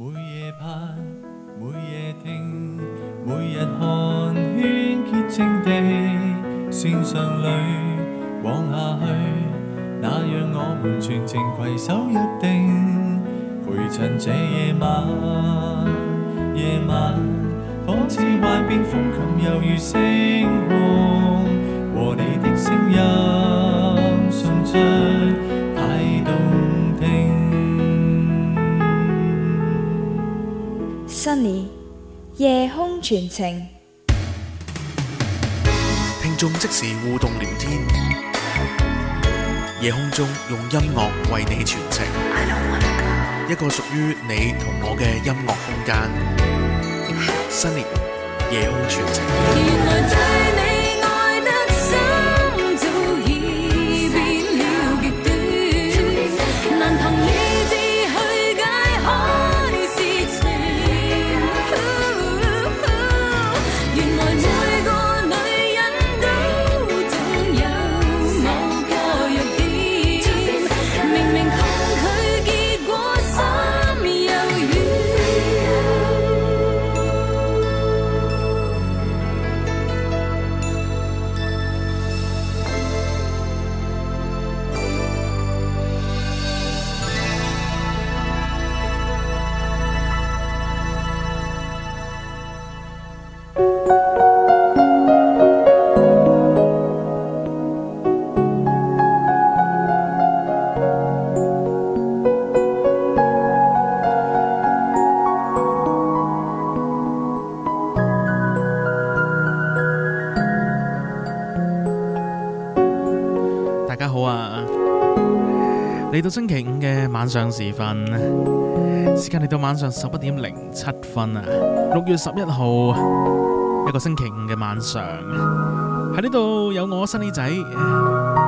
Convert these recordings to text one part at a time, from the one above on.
每夜盼，每夜聽，每日寒暄潔淨地線上裏往下去。那樣我們全情攜手，一定陪襯這夜晚。夜晚仿似幻變風琴，猶如星空和你的聲音相襯。新年夜空傳情，聽眾即時互動聊天，夜空中用音樂為你傳情，一個屬於你同我嘅音樂空間。新年夜空傳情。 晚上時分，時間嚟到晚上十一點零七分啊！六月十一號一個星期五嘅晚上，喺呢度有我新呢仔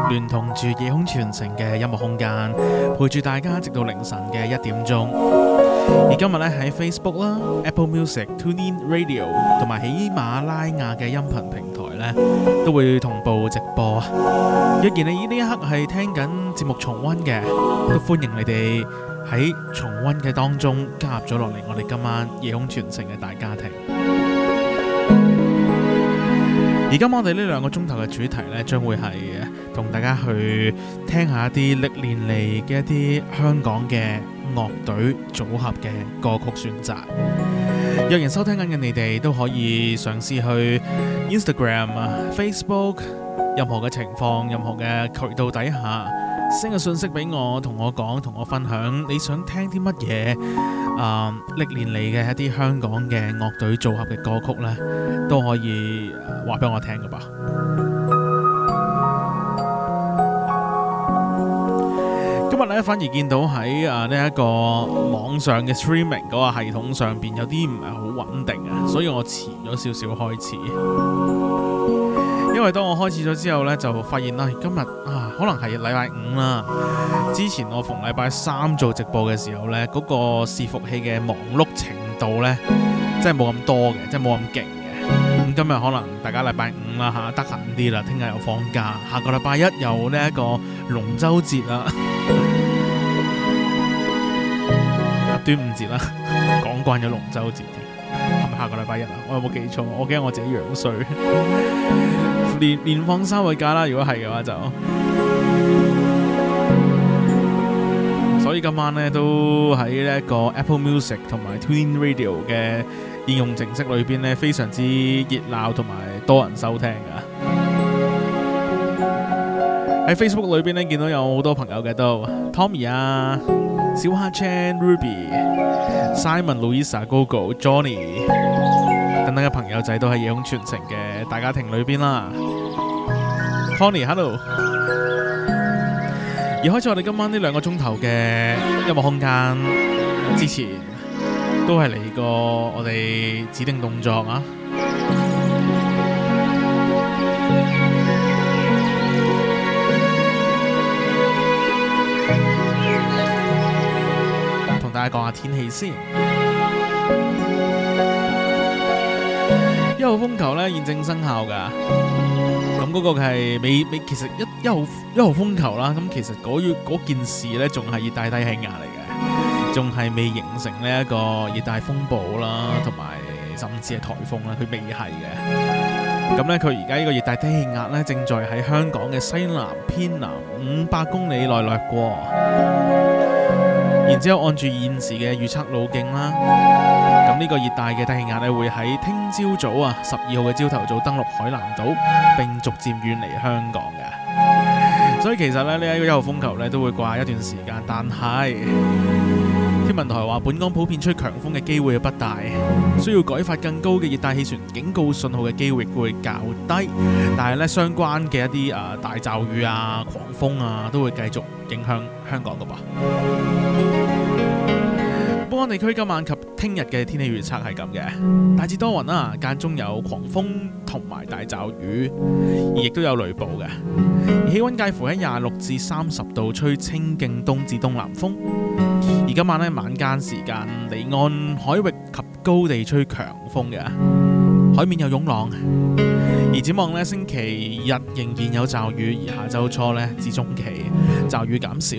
連同住夜空傳情嘅音樂空間，陪住大家直到凌晨嘅一點鐘。而今日咧喺 Facebook 啦、Apple Music、Tune In Radio 同埋喜馬拉雅嘅音頻平台咧，都會同部直播，若然你呢一刻係聽緊節目重溫嘅，我都歡迎你哋喺重溫嘅當中加入咗落嚟，我哋今晚夜空傳情嘅大家庭。 而今我哋呢兩個鐘頭嘅主題呢，將會係同大家去聽一下一啲歷年嚟嘅一啲香港嘅樂隊組合嘅歌曲選擇。若然收聽緊嘅你哋都可以嘗試去 Instagram 啊、Facebook，任何嘅情況、任何嘅渠道底下，send 個信息俾我，同我講，同我分享你想聽啲乜嘢啊，歷年嚟嘅一啲香港嘅樂隊組合嘅歌曲呢，都可以話俾我聽㗎吧。今日咧反而見到喺啊呢一個網上嘅 streaming 嗰個系統上邊有啲唔係好穩定啊，所以我遲咗少少開始。因為當我開始咗之後咧，就發現啦，今日啊可能係禮拜五啦。之前我逢禮拜三做直播嘅時候咧，嗰個伺服器嘅忙碌程度咧，即係冇咁多嘅，即係冇咁勁嘅。咁、嗯、今日可能大家禮拜五啦嚇，得閒啲啦，聽日又放假，下個禮拜一又呢一個龍舟節啊。 端午節啦，講慣咗龍舟節係咪下個禮拜一啊？我有冇記錯？我驚我自己樣衰，年年放三日假啦。如果係嘅話就，所以今晚呢，都喺呢一個 Apple Music 同埋 Twin Radio 嘅應用程式裏邊呢，非常之熱鬧同埋多人收聽噶。喺 Facebook 裏邊呢，見到有好多朋友嘅都，Tommy 啊。小蝦 Chan、Ruby、Simon、Luisa、Gogo、Johnny 等等嘅朋友仔都喺《夜空傳情》嘅大家庭裏邊啦。Connie，Hello！ 而開始我哋今晚呢兩個鐘頭嘅音樂空間之前，都係嚟過我哋指定動作啊！大家講下天氣先，一號風球咧現正生效噶。咁嗰個係未未，其實一一號一號風球啦。咁其實嗰件事呢，仲係熱帶低氣壓嚟嘅，仲係未形成呢一個熱帶風暴啦，同埋甚至係台風啦，佢未係嘅。咁呢，佢而家呢個熱帶低氣壓呢，正在喺香港嘅西南偏南五百公里內掠過。然之後按住現時嘅預測路徑啦，咁呢個熱帶嘅低氣壓呢會喺聽朝早啊，十二號嘅朝頭早登陸海南島，並逐漸遠離香港嘅。所以其實呢，呢一個一號風球呢都會掛一段時間，但係。天文台話，本港普遍吹強風嘅機會不大，需要改發更高嘅熱帶氣旋警告信號嘅機會會較低，但係呢相關嘅一啲誒、呃、大驟雨啊、狂風啊都會繼續影響香港噶噃。本港地區今晚及聽日嘅天氣預測係咁嘅，大致多雲啦、啊，間中有狂風同埋大驟雨，而亦都有雷暴嘅，而氣溫介乎喺廿六至三十度，吹清勁東至東南風。而今晚呢，晚間時間離岸海域及高地吹強風嘅，海面有湧浪。而展望呢，星期日仍然有驟雨，而下周初呢，至中期驟雨減少。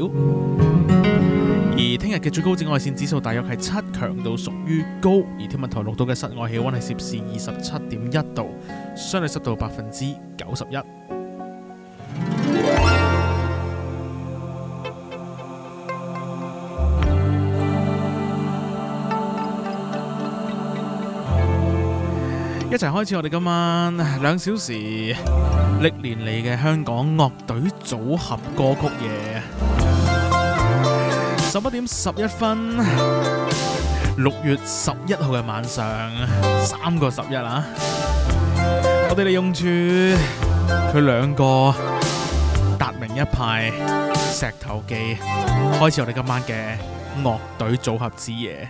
而聽日嘅最高紫外線指數大約係七，強度屬於高。而天文台錄到嘅室外氣溫係攝氏二十七點一度，相對濕度百分之九十一。一齊開始我哋今晚兩小時歷年嚟嘅香港樂隊組合歌曲夜。十一點十一分，六月十一號嘅晚上，三個十一啊！我哋利用住佢兩個達明一派石頭記，開始我哋今晚嘅樂隊組合之夜。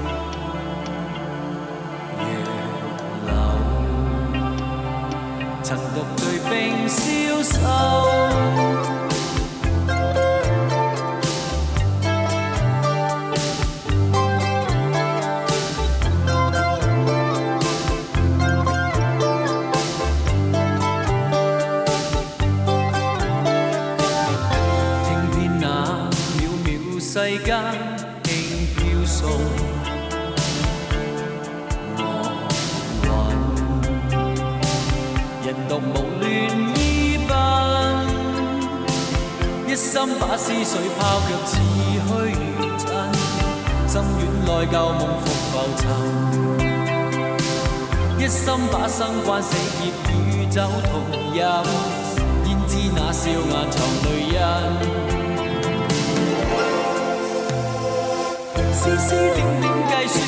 曾獨對，冰消瘦。心把思緒拋卻，似虛真，心軟內舊夢復浮沉。一心把心關死劫與酒同飲，焉知那笑眼藏淚印？絲絲點點計算，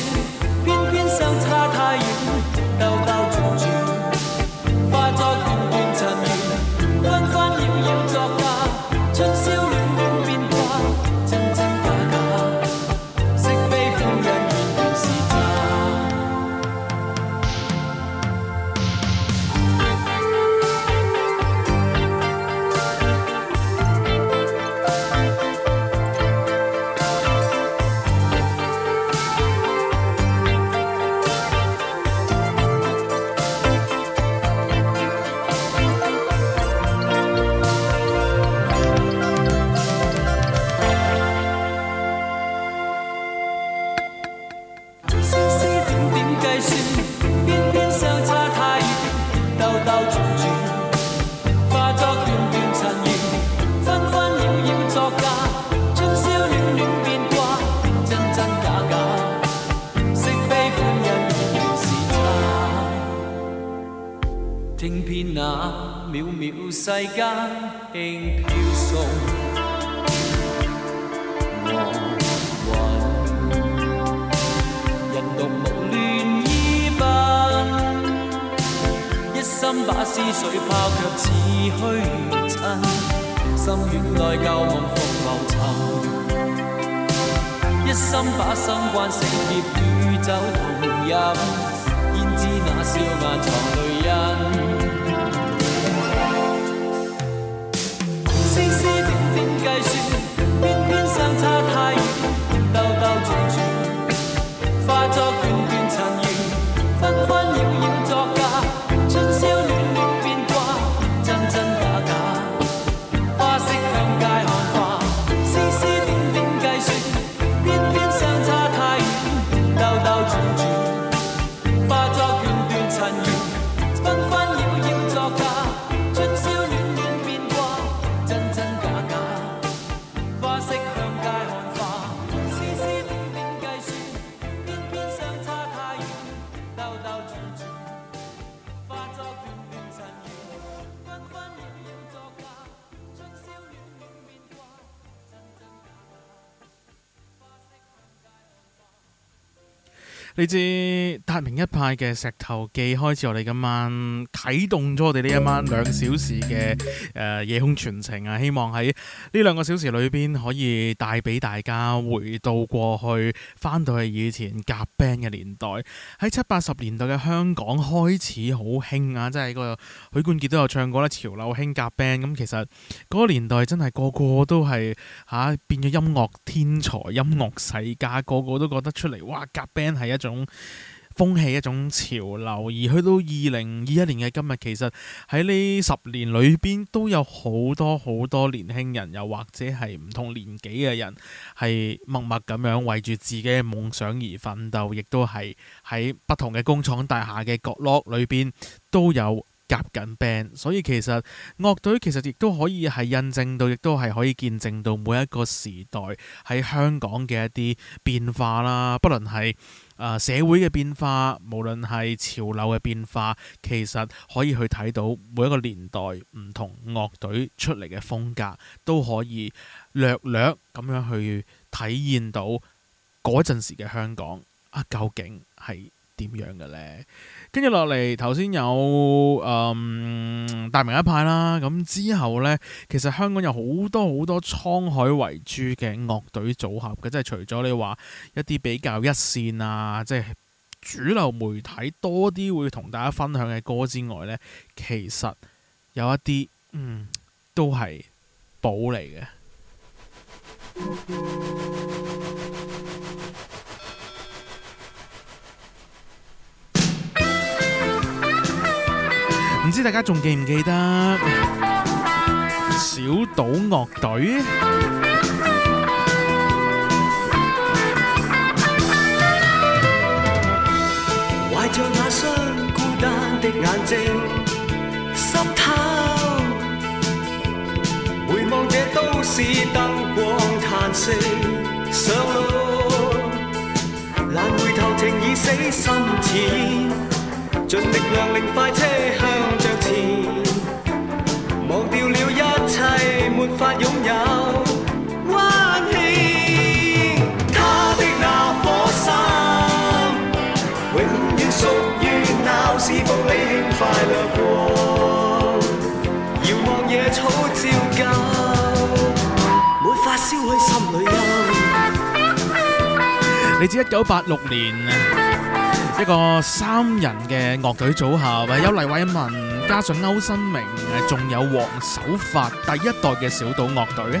偏偏相差太遠。你知達明一派嘅《石頭記》開始，我哋今晚啟動咗我哋呢一晚兩小時嘅誒夜空傳情啊！希望喺呢兩個小時裏邊可以帶俾大家回到過去，翻到去以前夾 band 嘅年代。喺七八十年代嘅香港開始好興啊！即係個許冠傑都有唱過啦，《潮流興夾 band》咁，其實嗰個年代真係個個都係嚇、啊、變咗音樂天才，音樂世家個個都覺得出嚟哇！夾 band 係一一種風氣，一種潮流，而去到二零二一年嘅今日，其實喺呢十年裏邊都有好多好多年輕人，又或者係唔同年紀嘅人，係默默咁樣為住自己嘅夢想而奮鬥，亦都係喺不同嘅工廠大廈嘅角落裏邊都有夾緊 band。所以其實樂隊其實亦都可以係印證到，亦都係可以見證到每一個時代喺香港嘅一啲變化啦，不論係，社會嘅變化，無論係潮流嘅變化，其實可以去睇到每一個年代唔同樂隊出嚟嘅風格，都可以略略咁樣去體驗到嗰陣時嘅香港啊，究竟係～點樣嘅咧？跟住落嚟，頭先有誒、嗯、大明一派啦。咁之後呢，其實香港有好多好多滄海遺珠嘅樂隊組合嘅，即係除咗你話一啲比較一線啊，即係主流媒體多啲會同大家分享嘅歌之外呢，其實有一啲嗯都係寶嚟嘅。唔知大家仲記唔記得小島樂隊？懷着那雙孤單的眼睛，濕透，回望這都市燈光彈，嘆息上路，難回頭情已死，心似煙。盡力量令快車向着前，忘掉了一切沒法擁有，溫馨他的那顆心，永遠屬於鬧市玻璃輕快掠過，遙望野草照舊，沒法燒去心裏陰。你知一九八六年？一個三人嘅樂隊組合，係黎偉文，加上歐新明，誒，仲有黃守發，第一代嘅小島樂隊。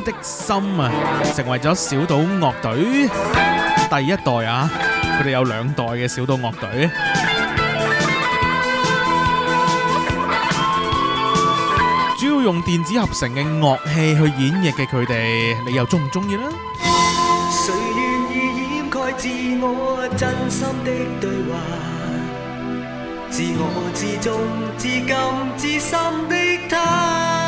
的心啊，成為咗小島樂隊第一代啊！佢哋有兩代嘅小島樂隊， 主要用電子合成嘅樂器去演繹嘅佢哋，你又中唔中意呢？誰願意掩蓋自我真心的對話，自我自重，自禁，自深的他。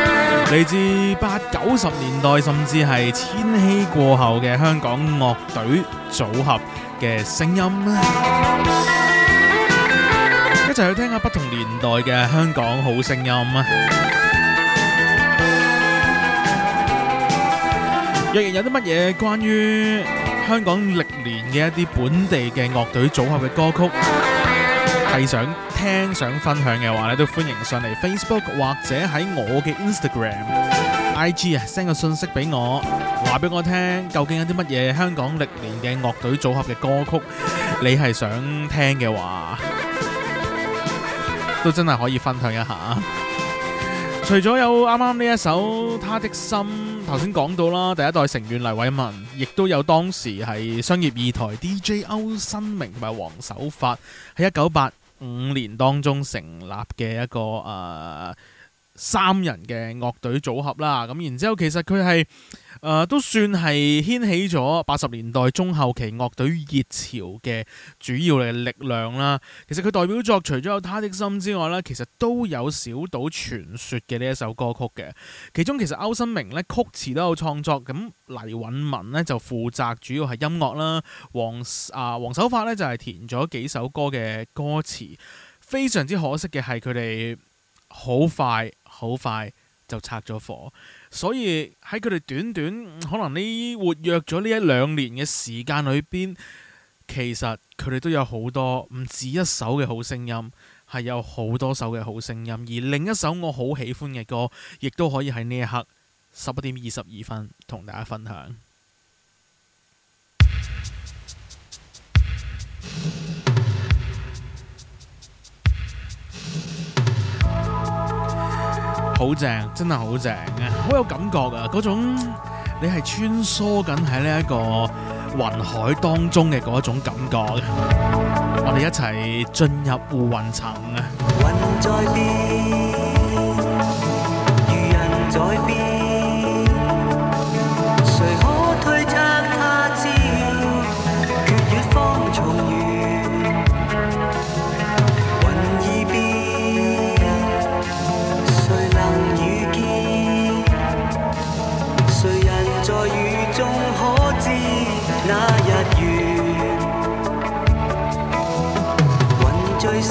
嚟自八九十年代，甚至係千禧過後嘅香港樂隊組合嘅聲音，一齊去聽下不同年代嘅香港好聲音啊！若然有啲乜嘢關於香港歷年嘅一啲本地嘅樂隊組合嘅歌曲係想聽想分享嘅話咧，都歡迎上嚟 Facebook 或者喺我嘅 Instagram IG 啊，send 個信息俾我，話俾我聽，究竟有啲乜嘢香港歷年嘅樂隊組合嘅歌曲你係想聽嘅話，都真係可以分享一下。除咗有啱啱呢一首《他的心》，頭先講到啦，第一代成員黎偉文，亦都有當時係商業二台 DJ 歐新明同埋黃守發喺一九八五年當中成立嘅一個誒、呃、三人嘅樂隊組合啦，咁然之後其實佢係。誒、呃、都算係掀起咗八十年代中後期樂隊熱潮嘅主要嘅力量啦。其實佢代表作除咗有《他的心》之外呢，其實都有《小島傳說》嘅呢一首歌曲嘅。其中其實歐新明呢曲詞都有創作，咁黎允文呢就負責主要係音樂啦。黃啊黃守發呢就係、是、填咗幾首歌嘅歌詞。非常之可惜嘅係佢哋好快好快就拆咗夥。所以喺佢哋短短可能呢活躍咗呢一兩年嘅時間裏邊，其實佢哋都有好多唔止一首嘅好聲音，係有好多首嘅好聲音。而另一首我好喜歡嘅歌，亦都可以喺呢一刻十一點二十二分同大家分享。 好正，真係好正啊！好有感覺啊，嗰種你係穿梭緊喺呢一個雲海當中嘅嗰一種感覺。我哋一齊進入雲層啊！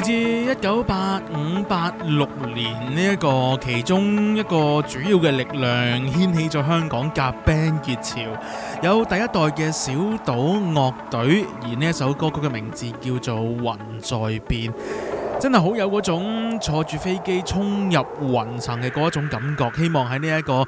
嚟自一九八五八六年呢一、呢個其中一個主要嘅力量掀起咗香港夾 band 熱潮，有第一代嘅小島樂隊，而呢一首歌曲嘅名字叫做《雲在變》，真係好有嗰種坐住飛機衝入雲層嘅嗰一種感覺。希望喺呢一個，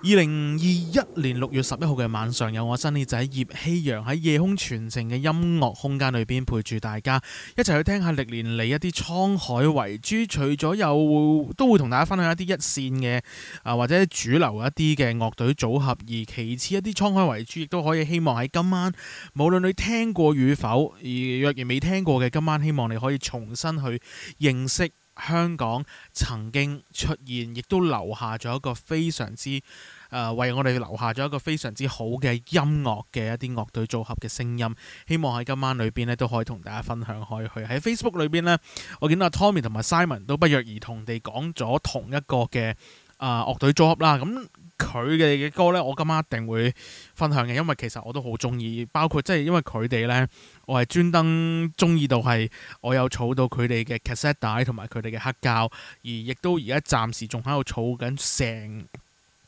二零二一年六月十一號嘅晚上，有我新耳仔葉希陽喺夜空傳情嘅音樂空間裏邊陪住大家一齊去聽下歷年嚟一啲滄海遺珠，除咗有都會同大家分享一啲一線嘅啊或者主流一啲嘅樂隊組合，而其次一啲滄海遺珠亦都可以希望喺今晚，無論你聽過與否，而若然未聽過嘅今晚，希望你可以重新去認識。香港曾經出現，亦都留下咗一個非常之誒、呃，為我哋留下咗一個非常之好嘅音樂嘅一啲樂隊組合嘅聲音。希望喺今晚裏邊咧，都可以同大家分享開去。喺 Facebook 裏邊呢，我見到 Tommy 同埋 Simon 都不約而同地講咗同一個嘅啊、呃、樂隊組合啦。咁、嗯佢哋嘅歌呢，我今晚一定會分享嘅，因為其實我都好中意，包括即係因為佢哋呢。我係專登中意到係，我有儲到佢哋嘅 cassette 同埋佢哋嘅黑膠，而亦都而家暫時仲喺度儲緊成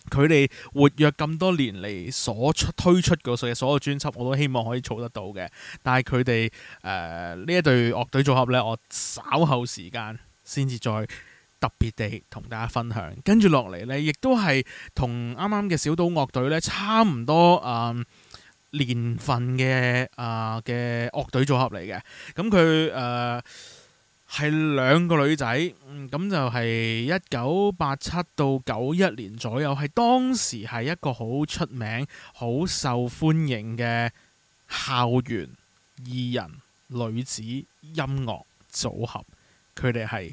佢哋活躍咁多年嚟所出推出過嘅所有專輯，我都希望可以儲得到嘅。但係佢哋誒呢一隊樂隊組合呢，我稍後時間先至再。特別地同大家分享，跟住落嚟呢，亦都係同啱啱嘅小島樂隊呢，差唔多啊、呃、年份嘅啊嘅樂隊組合嚟嘅。咁佢誒係兩個女仔，咁、嗯、就係一九八七到九一年左右，係當時係一個好出名、好受歡迎嘅校園二人女子音樂組合。佢哋係。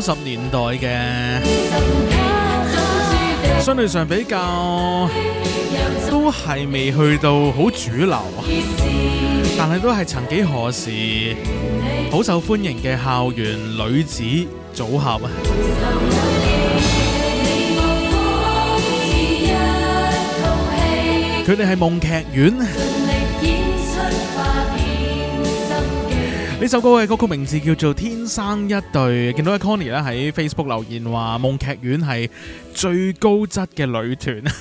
九十年代嘅，相對上比較，都係未去到好主流，但係都係曾幾何時好受歡迎嘅校園女子組合。佢哋係夢劇院。呢首歌嘅歌曲名字叫做《天生一對》。見到阿 Connie 咧喺 Facebook 留言話：夢劇院係最高質嘅女團。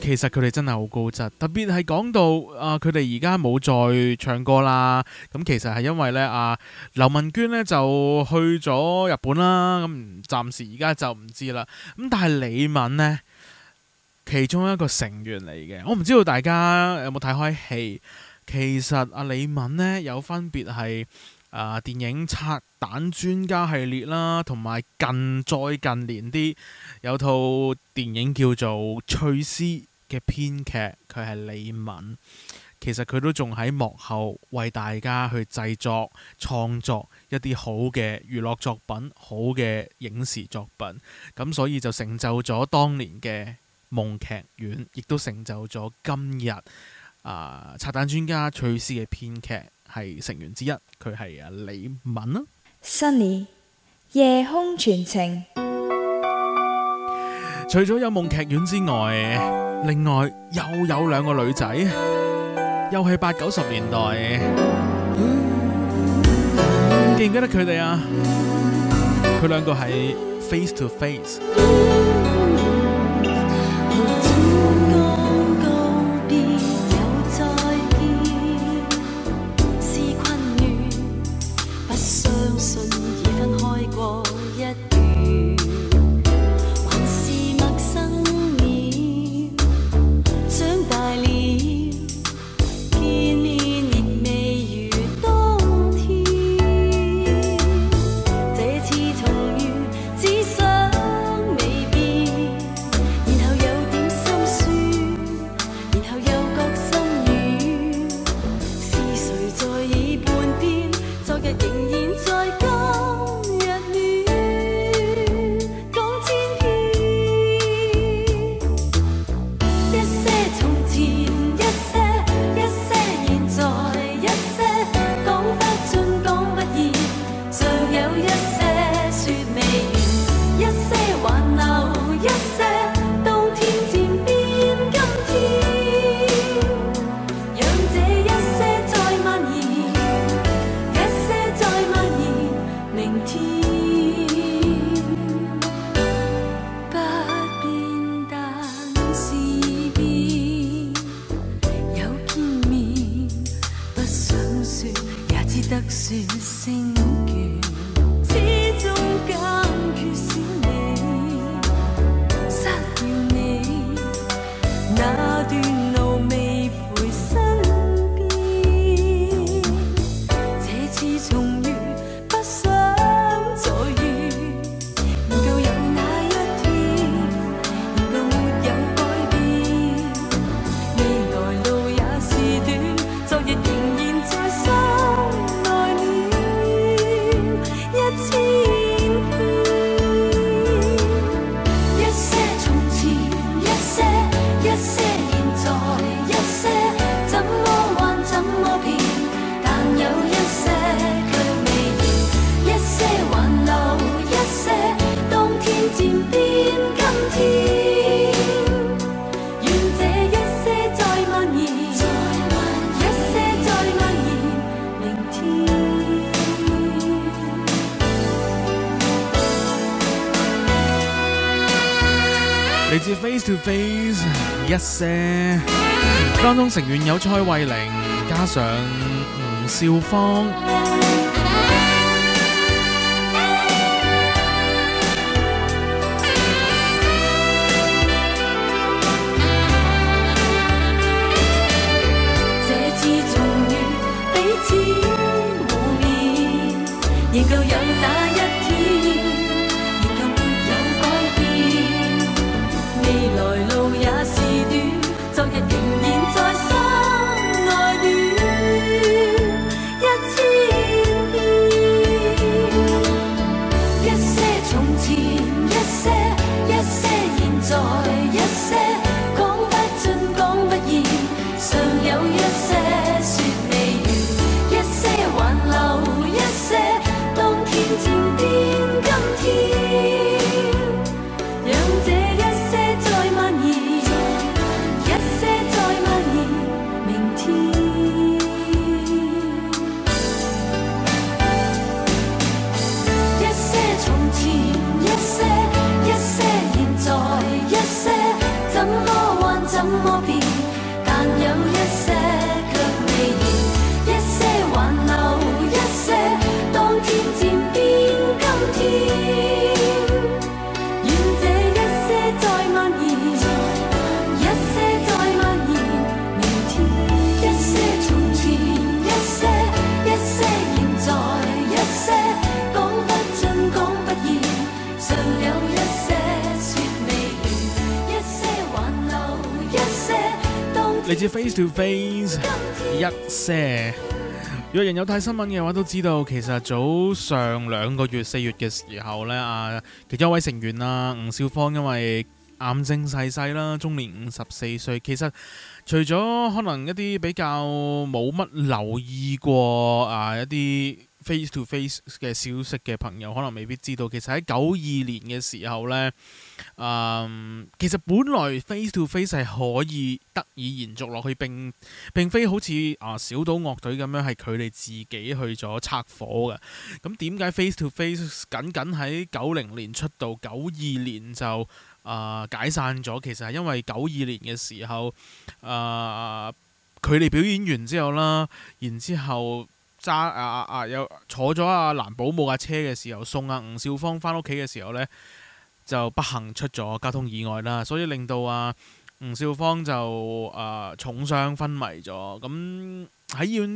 其實佢哋真係好高質，特別係講到啊，佢哋而家冇再唱歌啦。咁其實係因為咧啊，劉文娟呢就去咗日本啦。咁暫時而家就唔知啦。咁但係李敏呢，其中一個成員嚟嘅，我唔知道大家有冇睇開戲。其實阿李敏呢，有分別係，啊、呃、電影拆彈專家系列啦，同埋近再近年啲有套電影叫做《翠絲》嘅編劇，佢係李敏。其實佢都仲喺幕後為大家去製作、創作一啲好嘅娛樂作品、好嘅影視作品。咁所以就成就咗當年嘅夢劇院，亦都成就咗今日。啊！拆彈專家翠絲嘅編劇係成員之一，佢係李敏啊。Sunny 夜空傳情。除咗有夢劇院之外，另外又有兩個女仔，又係八九十年代。 記唔記得佢哋啊？佢兩個係 Face to Face。當中成員有蔡慧玲，加上吳少芳。啫，Sir，若然有睇新聞嘅話，都知道其實早上兩個月四月嘅時候呢，啊，其中一位成員啊，吳少芳，因為癌症逝世啦，中年五十四歲。其實除咗可能一啲比較冇乜留意過啊一啲。Face to face 嘅消息嘅朋友可能未必知道，其實喺九二年嘅時候咧，嗯、呃，其實本來 Face to Face 係可以得以延續落去，並並非好似啊、呃、小島樂隊咁樣係佢哋自己去咗拆夥嘅。咁點解 Face to Face 僅僅喺九零年出道，九二年就啊、呃、解散咗？其實係因為九二年嘅時候啊，佢哋、呃、表演完之後啦，然之後。揸啊啊有坐咗阿蘭寶母架車嘅時候，送阿、啊、吳少芳返屋企嘅時候咧，就不幸出咗交通意外啦，所以令到阿、啊、吳少芳就啊重傷昏迷咗咁。喺醫院、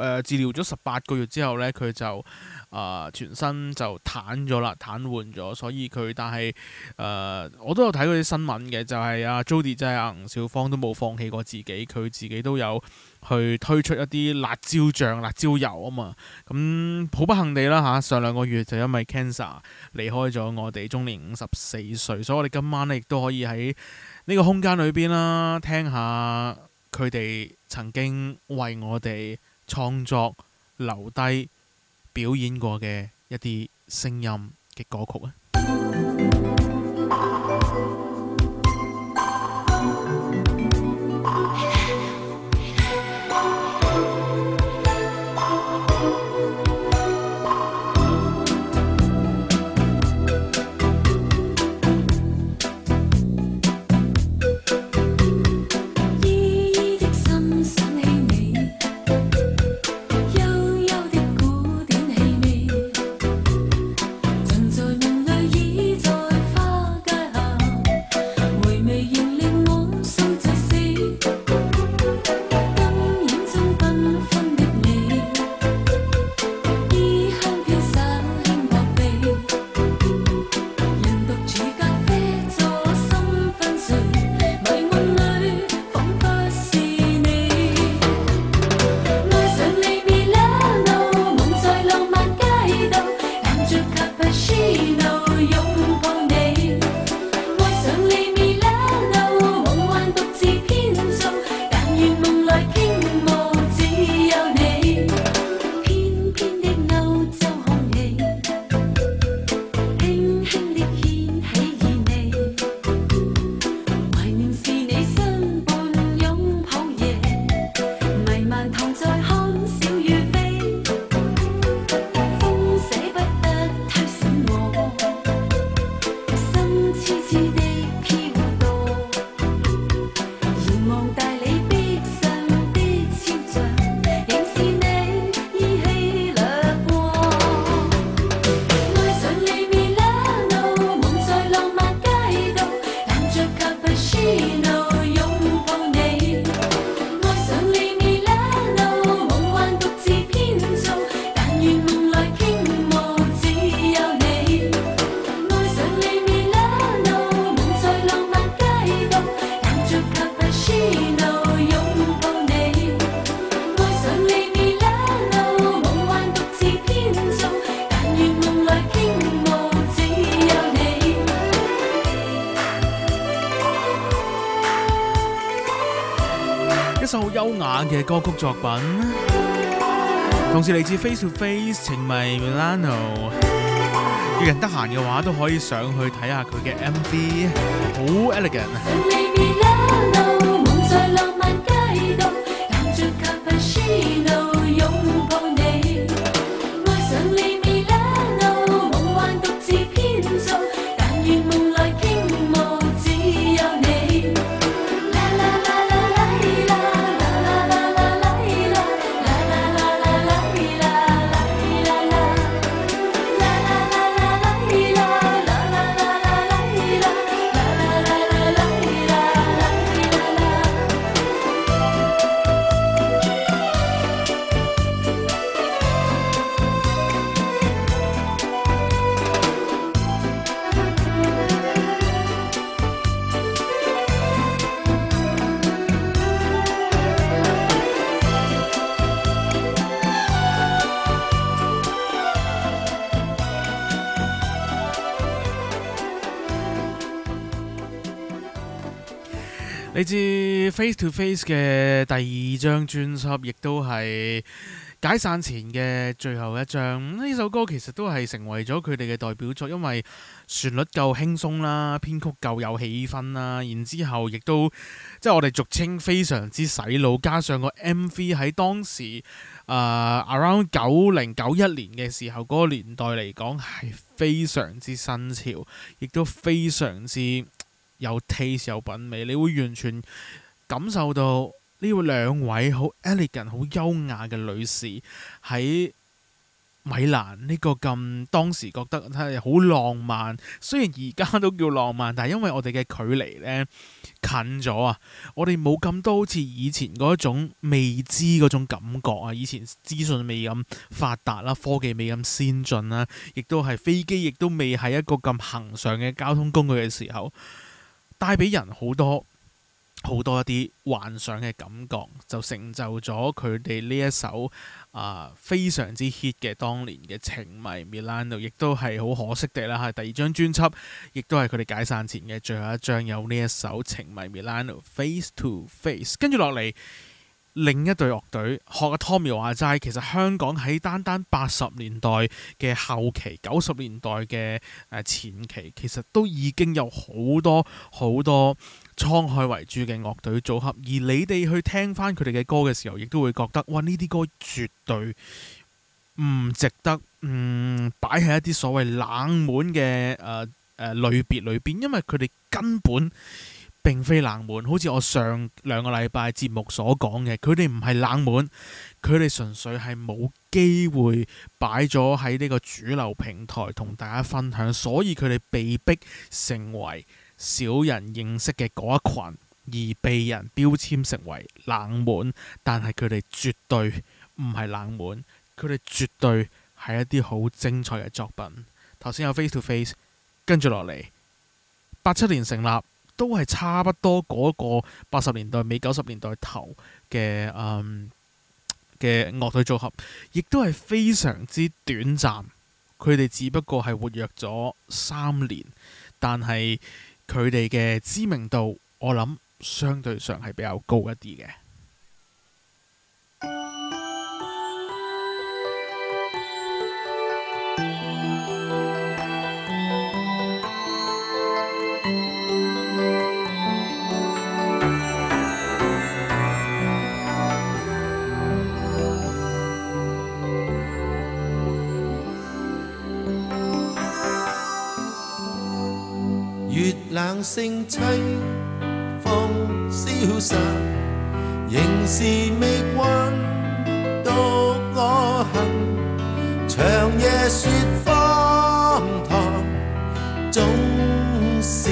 呃、治療咗十八個月之後呢佢就、呃、全身就癱咗啦，癱瘓咗，所以佢但係、呃、我都有睇過啲新聞嘅，就係、是、阿 Jody 即係阿吳少芳都冇放棄過自己，佢自己都有去推出一啲辣椒醬、辣椒油啊嘛，咁、嗯、好不幸地啦嚇、啊，上兩個月就因為 cancer 離開咗我哋，終年五十四歲，所以我哋今晚呢，亦都可以喺呢個空間裏邊啦，聽下。佢哋曾經為我哋創作、留低、表演過嘅一啲聲音嘅歌曲咧。歌曲作品，同時嚟自 Face to Face 情迷 Milano。若人得閒嘅話，都可以上去睇下佢嘅 MV，好 elegant。To Face 嘅第二張專輯，亦都係解散前嘅最後一張。呢、嗯、首歌其實都係成為咗佢哋嘅代表作，因為旋律夠輕鬆啦，編曲夠有氣氛啦。然之後亦都即係我哋俗稱非常之洗腦。加上個 MV 喺當時、呃、around 九零九一年嘅時候嗰、那個年代嚟講係非常之新潮，亦都非常之有 taste，有品味。你會完全。感受到呢兩位好 elegant、好優雅嘅女士喺米蘭呢個咁當時覺得真係好浪漫，雖然而家都叫浪漫，但係因為我哋嘅距離咧近咗啊，我哋冇咁多好似以前嗰種未知嗰種感覺啊，以前資訊未咁發達啦，科技未咁先進啦，亦都係飛機亦都未係一個咁恒常嘅交通工具嘅時候，帶俾人好多。好多一啲幻想嘅感覺，就成就咗佢哋呢一首啊、呃、非常之 hit 嘅當年嘅情迷 Milano，亦都係好可惜嘅啦嚇。第二張專輯，亦都係佢哋解散前嘅最後一張，有呢一首情迷 Milano Face to Face。跟住落嚟，另一隊樂隊學阿 Tommy 話齋，其實香港喺單單八十年代嘅後期、九十年代嘅誒前期，其實都已經有好多好多。滄海為主嘅樂隊組合，而你哋去聽翻佢哋嘅歌嘅時候，亦都會覺得，哇！呢啲歌絕對唔值得，嗯，擺喺一啲所謂冷門嘅誒誒類別裏邊，因為佢哋根本並非冷門。好似我上兩個禮拜節目所講嘅，佢哋唔係冷門，佢哋純粹係冇機會擺咗喺呢個主流平台同大家分享，所以佢哋被逼成為。少人認識嘅嗰一群，而被人標籤成為冷門，但係佢哋絕對唔係冷門，佢哋絕對係一啲好精彩嘅作品。頭先有 Face to Face，跟住落嚟八七年成立，都係差不多嗰個八十年代尾、九十年代頭嘅、嗯、嘅樂隊組合，亦都係非常之短暫。佢哋只不過係活躍咗三年，但係。佢哋嘅知名度，我諗相對上係比較高一啲嘅。月冷星淒，風蕭瑟，仍是未慣獨我行，長夜說荒唐，總是。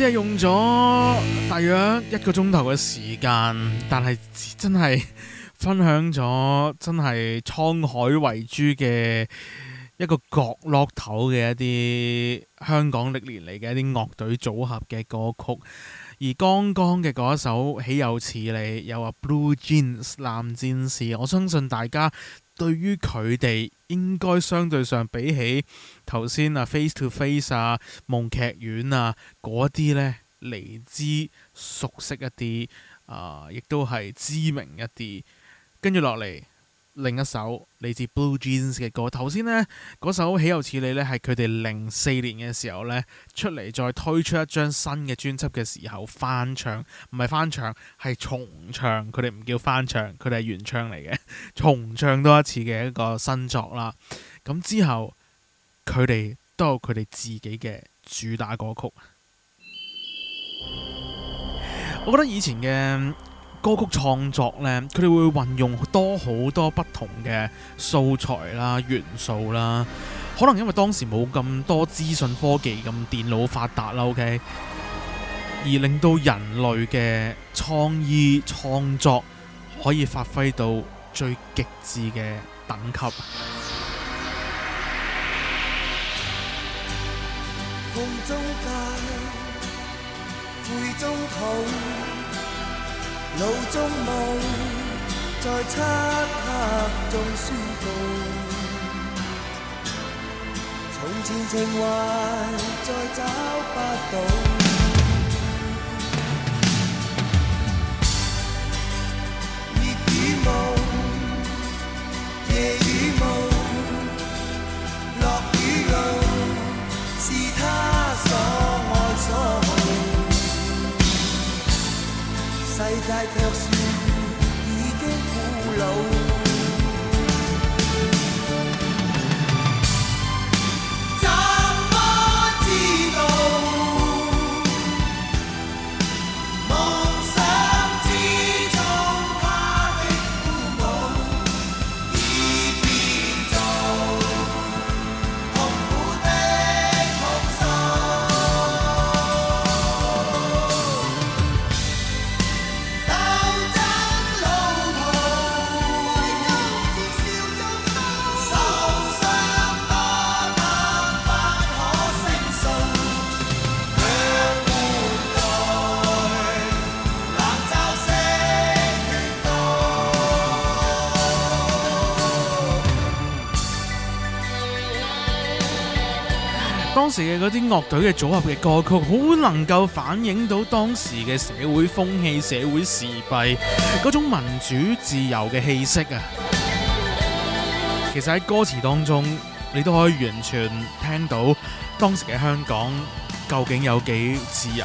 即係用咗大約一個鐘頭嘅時間，但係真係分享咗真係滄海遺珠嘅一個角落頭嘅一啲香港歷年嚟嘅一啲樂隊組合嘅歌曲，而剛剛嘅嗰一首《豈有此理》又話《Blue Jeans》藍戰士，我相信大家。對於佢哋應該相對上比起頭先啊 face to face 啊夢劇院啊嗰啲呢，嚟之熟悉一啲啊、呃，亦都係知名一啲，跟住落嚟。另一首嚟自 Blue Jeans 嘅歌，頭先呢嗰首《豈有此理》呢，係佢哋零四年嘅時候呢出嚟再推出一張新嘅專輯嘅時候翻唱，唔係翻唱係重唱，佢哋唔叫翻唱，佢哋係原唱嚟嘅重唱多一次嘅一個新作啦。咁之後佢哋都有佢哋自己嘅主打歌曲，我覺得以前嘅。歌曲創作呢，佢哋會運用多好多不同嘅素材啦、元素啦，可能因為當時冇咁多資訊科技咁電腦發達啦，OK，而令到人類嘅創意創作可以發揮到最極致嘅等級。路中霧在漆黑中舒放，從前情懷再找不到。夜世界卻是已經古老。當時嘅嗰啲樂隊嘅組合嘅歌曲，好能夠反映到當時嘅社會風氣、社會時弊，嗰種民主自由嘅氣息啊！其實喺歌詞當中，你都可以完全聽到當時嘅香港究竟有幾自由。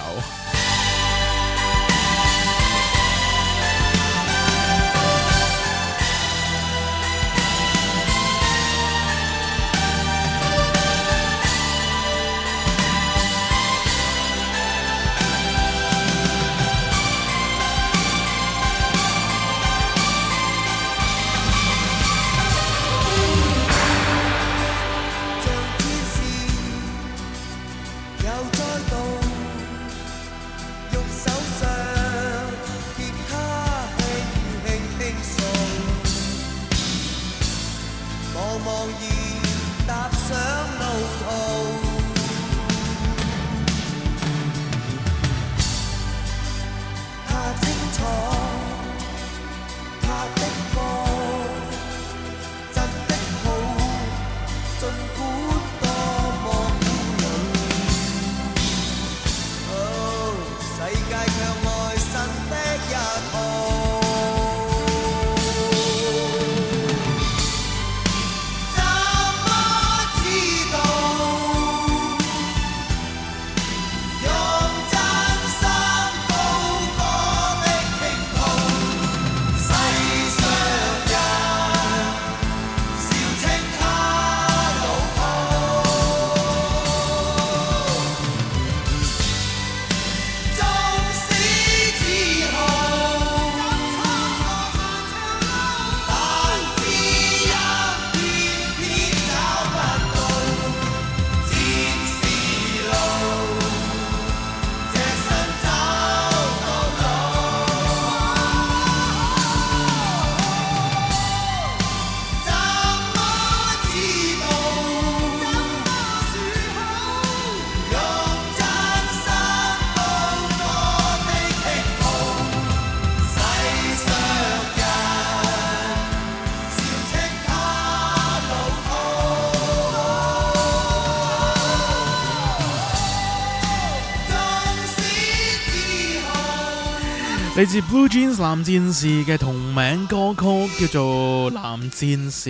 嚟自《Blue Jeans》藍戰士嘅同名歌曲叫做《藍戰士》，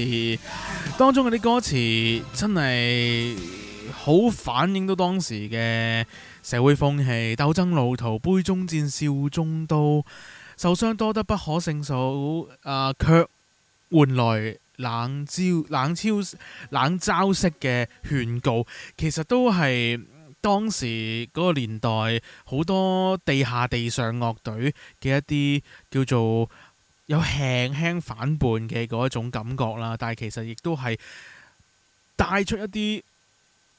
當中嗰啲歌詞真係好反映到當時嘅社會風氣。鬥爭路途，杯中戰，笑中刀，受傷多得不可勝數，啊、呃，卻換來冷嘲、冷嘲、冷嘲式嘅勸告。其實都係。當時嗰個年代，好多地下地上樂隊嘅一啲叫做有輕輕反叛嘅嗰一種感覺啦，但係其實亦都係帶出一啲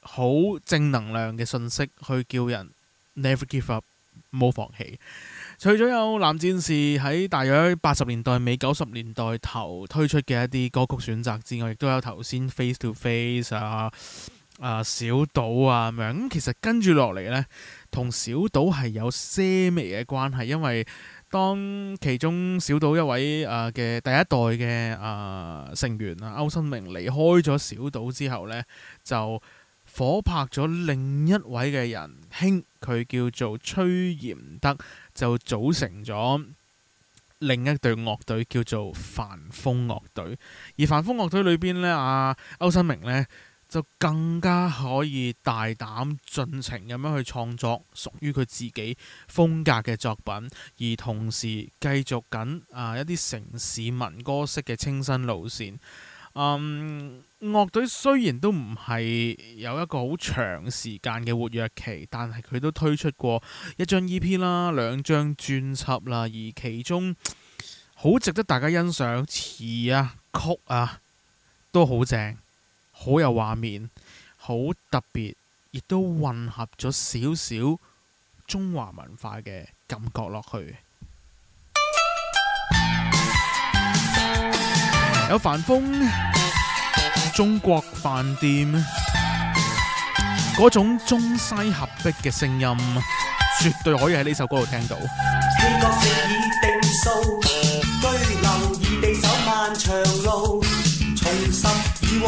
好正能量嘅信息，去叫人 never give up，冇放棄。除咗有藍戰士喺大約八十年代尾、九十年代頭推出嘅一啲歌曲選擇之外，亦都有頭先 face to face 啊。啊，小島啊，咁樣咁其實跟住落嚟呢，同小島係有些微嘅關係，因為當其中小島一位啊嘅、呃、第一代嘅啊、呃、成員啊，歐新明離開咗小島之後呢就夥拍咗另一位嘅仁兄，佢叫做崔炎德，就組成咗另一隊樂隊，叫做凡風樂隊。而凡風樂隊裏邊呢，阿、啊、歐新明呢。就更加可以大膽盡情咁樣去創作屬於佢自己風格嘅作品，而同時繼續緊啊、呃、一啲城市民歌式嘅清新路線。嗯，樂隊雖然都唔係有一個好長時間嘅活躍期，但係佢都推出過一張 EP 啦、兩張專輯啦，而其中好值得大家欣賞，詞啊、曲啊都好正。好有畫面，好特別，亦都混合咗少少中華文化嘅感覺落去。 有繁風中國飯店嗰種中西合璧嘅聲音，絕對可以喺呢首歌度聽到。結局已定數，聚流異地走漫長路，重拾以往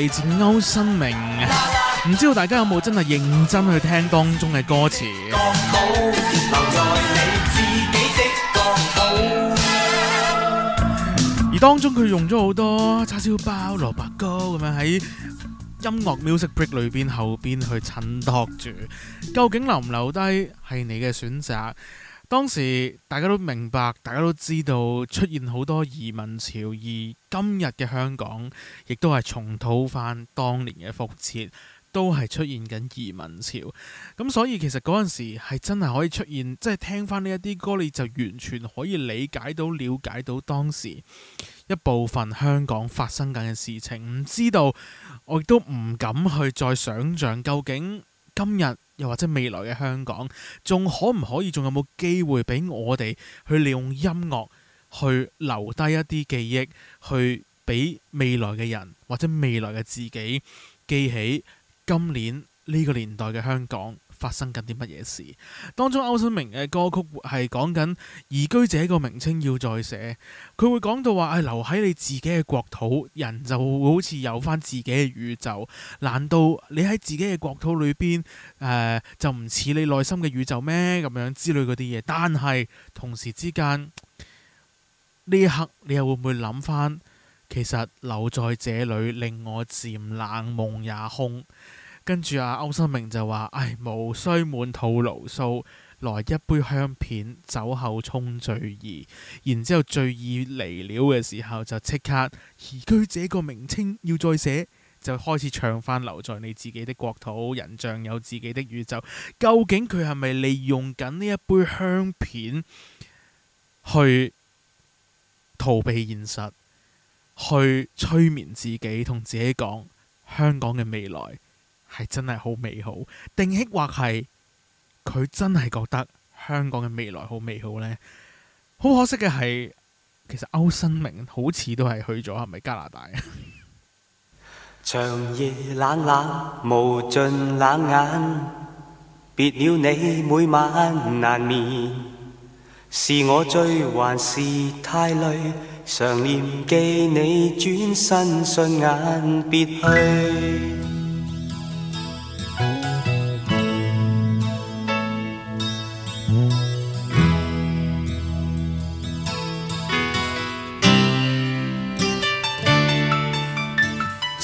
來自歐新明，唔 知道大家有冇真係認真去聽當中嘅歌詞。而當中佢用咗好多叉燒包、蘿蔔糕咁樣喺音樂 music break 裏邊後邊去襯托住，究竟留唔留低係你嘅選擇？當時大家都明白，大家都知道出現好多移民潮，而今日嘅香港亦都係重蹈返當年嘅覆轍，都係出現緊移民潮。咁所以其實嗰陣時係真係可以出現，即係聽翻呢一啲歌，你就完全可以理解到、了解到當時一部分香港發生緊嘅事情。唔知道我亦都唔敢去再想象究竟。今日又或者未來嘅香港，仲可唔可以？仲有冇機會俾我哋去利用音樂，去留低一啲記憶，去俾未來嘅人或者未來嘅自己記起今年呢個年代嘅香港？發生緊啲乜嘢事？當中歐新明嘅歌曲係講緊移居者個名稱要再寫，佢會講到話：，係、啊、留喺你自己嘅國土，人就會好似有翻自己嘅宇宙。難道你喺自己嘅國土裏邊，誒、呃，就唔似你內心嘅宇宙咩？咁樣之類嗰啲嘢。但係同時之間，呢一刻你又會唔會諗翻，其實留在這裏令我漸冷夢也空。跟住阿歐心明就話：，唉、哎，無需滿肚牢騷，來一杯香片，酒後沖醉意。而然之後醉意嚟了嘅時候，就即刻移居。這個名稱要再寫，就開始唱翻留在你自己的國土，人像有自己的宇宙。究竟佢係咪利用緊呢一杯香片去逃避現實，去催眠自己，同自己講香港嘅未來？係真係好美好，定抑或係佢真係覺得香港嘅未來好美好呢？好可惜嘅係，其實歐新明好似都係去咗，係咪加拿大啊？長夜冷冷，無盡冷眼，別了你，每晚難眠，是我醉還是太累？常念記你轉，轉身順眼別去。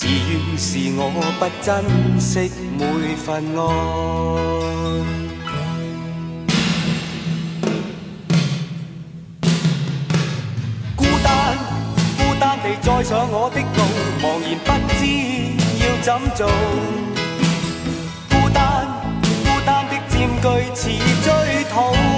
只怨是我不珍惜每份愛孤，孤單孤單地再上我的路，茫然不知要怎做，孤單孤單的佔據似追討。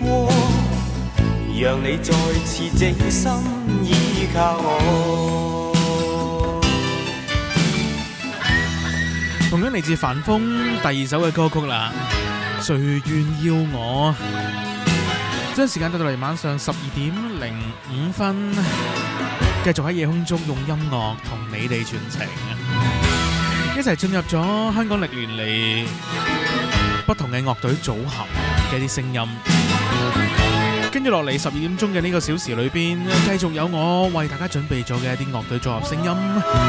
讓你再次靜心依靠我。同樣嚟自范風第二首嘅歌曲啦，誰願要我？將時間帶到嚟晚上十二點零五分，繼續喺夜空中用音樂同你哋傳情，一齊進入咗香港歷年嚟不同嘅樂隊組合嘅一啲聲音。跟住落嚟十二點鐘嘅呢個小時裏邊，繼續有我為大家準備咗嘅一啲樂隊組合聲音，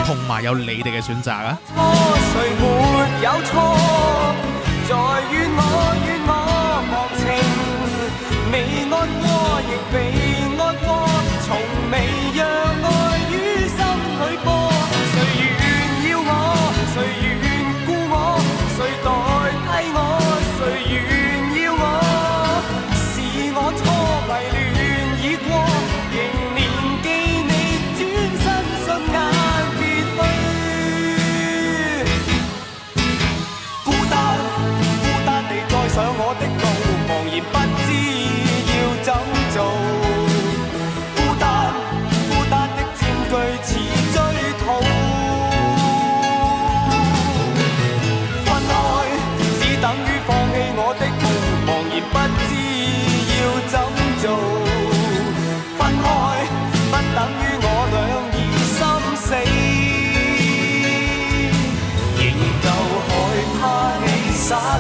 同埋有，有你哋嘅選擇啊！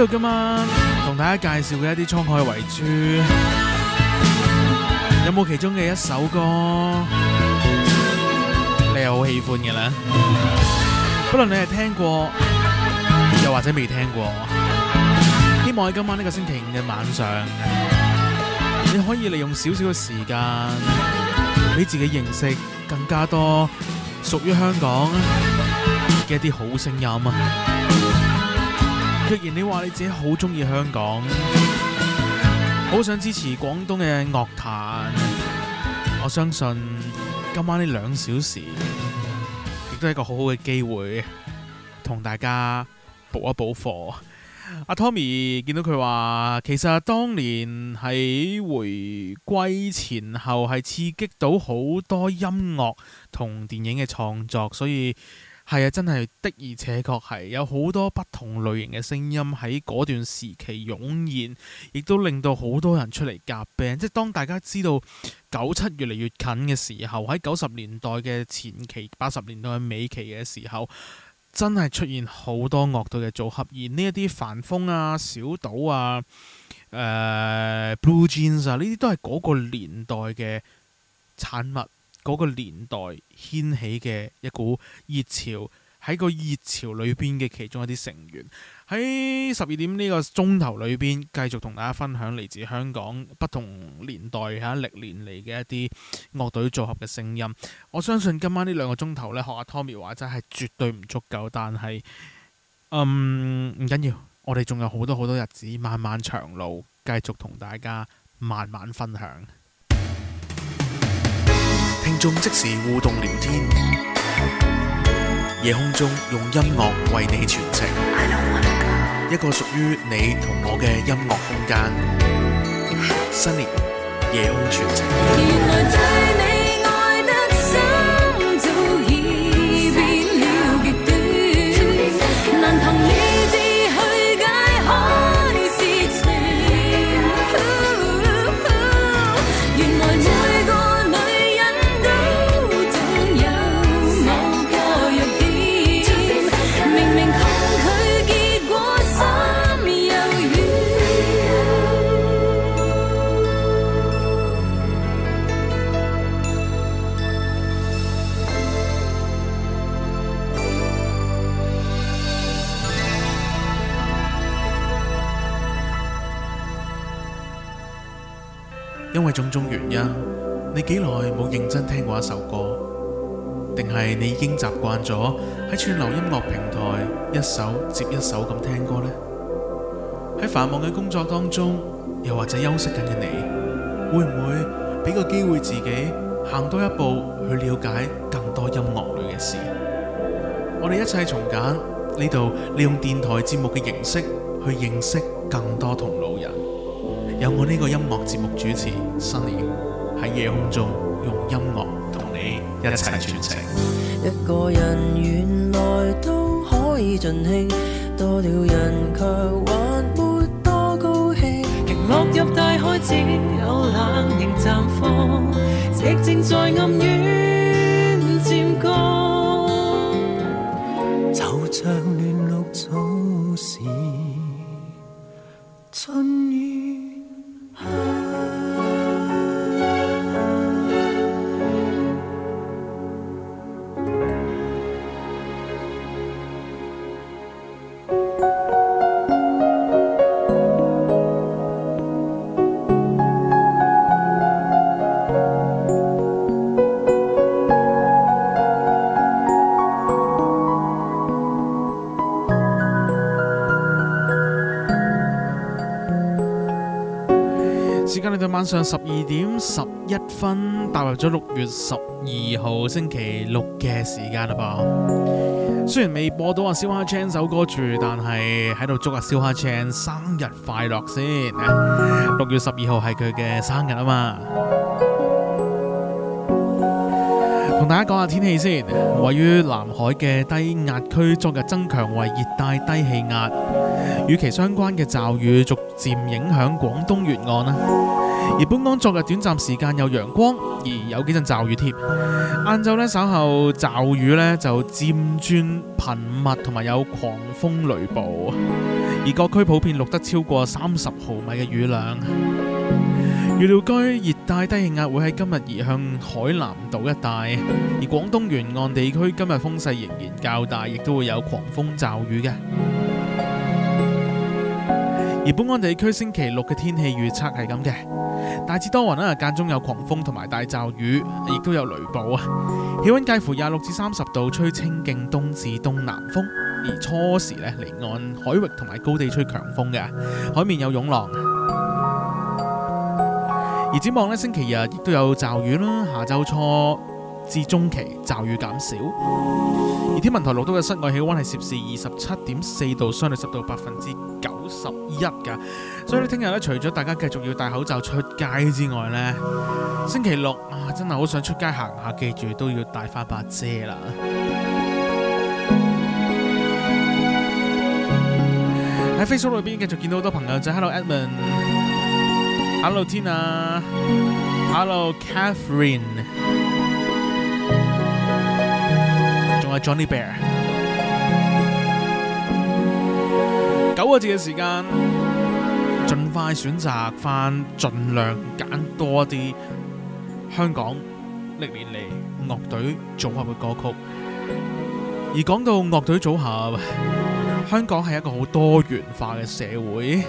喺度今晚同大家介紹嘅一啲滄海遺珠，有冇其中嘅一首歌你又好喜歡嘅咧？不論你係聽過，又或者未聽過，希望喺今晚呢個星期五嘅晚上，你可以利用少少嘅時間，俾自己認識更加多屬於香港嘅一啲好聲音啊！既然你話你自己好中意香港，好想支持廣東嘅樂壇，我相信今晚呢兩小時亦都係一個好好嘅機會，同大家補一補課。阿、啊、Tommy 見到佢話，其實當年喺回歸前後係刺激到好多音樂同電影嘅創作，所以。係啊，真係的，而且確係有好多不同類型嘅聲音喺嗰段時期湧現，亦都令到好多人出嚟夾 Band。即係當大家知道九七越嚟越近嘅時候，喺九十年代嘅前期、八十年代嘅尾期嘅時候，真係出現好多樂隊嘅組合，而呢一啲凡風啊、小島啊、誒、呃、Blue Jeans 啊，呢啲都係嗰個年代嘅產物。嗰個年代掀起嘅一股熱潮，喺個熱潮裏邊嘅其中一啲成員，喺十二點呢個鐘頭裏邊，繼續同大家分享嚟自香港不同年代吓歷年嚟嘅一啲樂隊組合嘅聲音。我相信今晚兩鐘呢兩個鐘頭咧，學阿 Tommy 話真係絕對唔足夠，但係，嗯，唔緊要，我哋仲有好多好多日子，漫漫長路，繼續同大家慢慢分享。聽眾即時互動聊天，夜空中用音樂為你傳情，一個屬於你同我嘅音樂空間。新年夜空傳情。係種種原因，你幾耐冇認真聽過一首歌？定係你已經習慣咗喺串流音樂平台一首接一首咁聽歌呢？喺繁忙嘅工作當中，又或者休息緊嘅你，會唔會俾個機會自己行多一步去了解更多音樂裏嘅事？我哋一切從簡呢度，利用電台節目嘅形式去認識更多同路人。由我呢個音樂節目主持，Sunny 喺夜空中用音樂同你一齊傳情。一個人原來都可以盡興，多了人卻還沒多高興。鯨落入大海，只有冷凝綻放，寂靜在暗淵漸降。晚上十二點十一分，踏入咗六月十二號星期六嘅時間啦噃。雖然未播到阿蕭夏 Chan 首歌住，但係喺度祝阿蕭夏 Chan 生日快樂先。六月十二號係佢嘅生日啊嘛。同大家講下天氣先，位於南海嘅低壓區昨日增強為熱帶低氣壓，與其相關嘅驟雨逐漸影響廣東沿岸啦。而本港昨日短暫時間有陽光，而有幾陣驟雨添。晏晝咧稍後驟雨咧就漸轉頻密，同埋有狂風雷暴。而各區普遍錄得超過三十毫米嘅雨量。預料該熱帶低氣壓會喺今日移向海南島一帶，而廣東沿岸地區今日風勢仍然較大，亦都會有狂風驟雨嘅。而本港地區星期六嘅天氣預測係咁嘅，大致多雲啦、啊，間中有狂風同埋大驟雨，亦都有雷暴啊。氣溫介乎廿六至三十度，吹清勁東至東南風，而初時咧離岸海域同埋高地吹強風嘅，海面有湧浪。而展望咧，星期日亦都有驟雨啦，下週初。至中期，驟雨減少。而天文台錄到嘅室外氣溫係攝氏二十七點四度，相對濕度百分之九十一㗎。所以咧，聽日咧，除咗大家繼續要戴口罩出街之外咧，星期六啊，真係好想出街行下，記住都要戴翻把遮啦。喺 Facebook 裏邊繼續見到好多朋友仔、就是，Hello Edmund，Hello Tina，Hello Catherine。我係 Johnny Bear，九個字嘅時間，盡快選擇返，盡量揀多啲香港歷年嚟樂隊組合嘅歌曲。而講到樂隊組合，香港係一個好多元化嘅社會。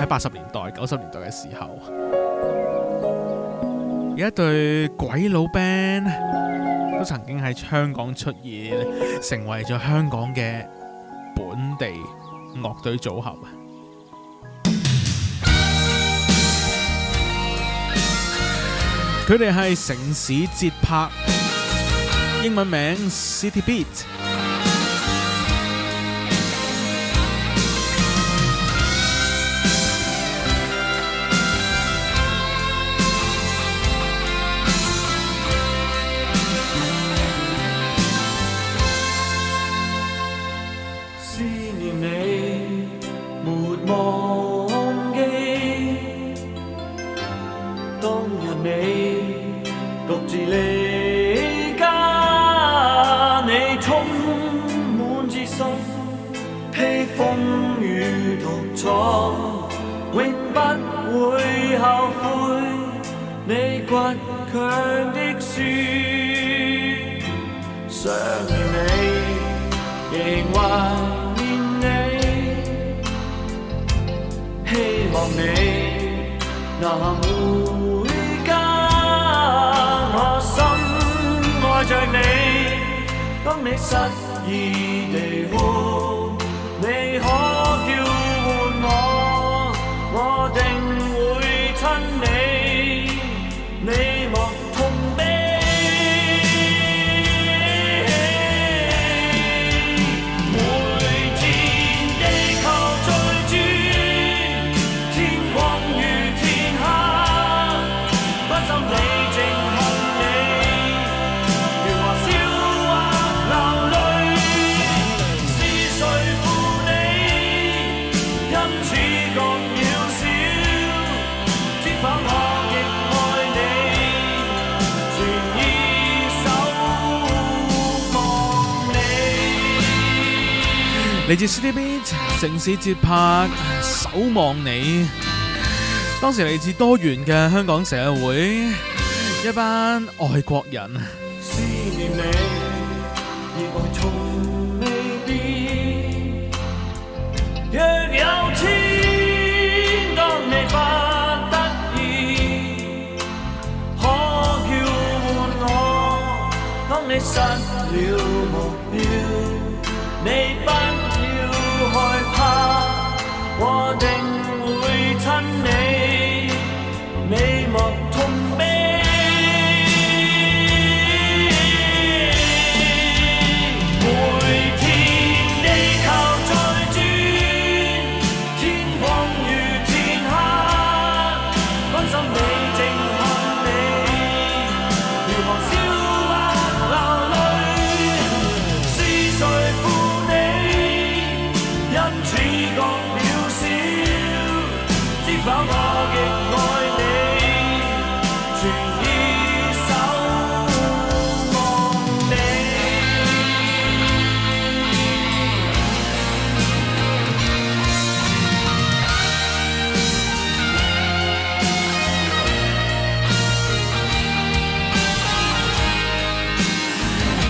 喺八十年代、九十年代嘅時候，有一對鬼佬 band。都曾經喺香港出現，成為咗香港嘅本地樂隊組合啊！佢哋係城市節拍，英文名 City Beat。城市節拍守望你，當時來自多元嘅香港社會，一班外國人。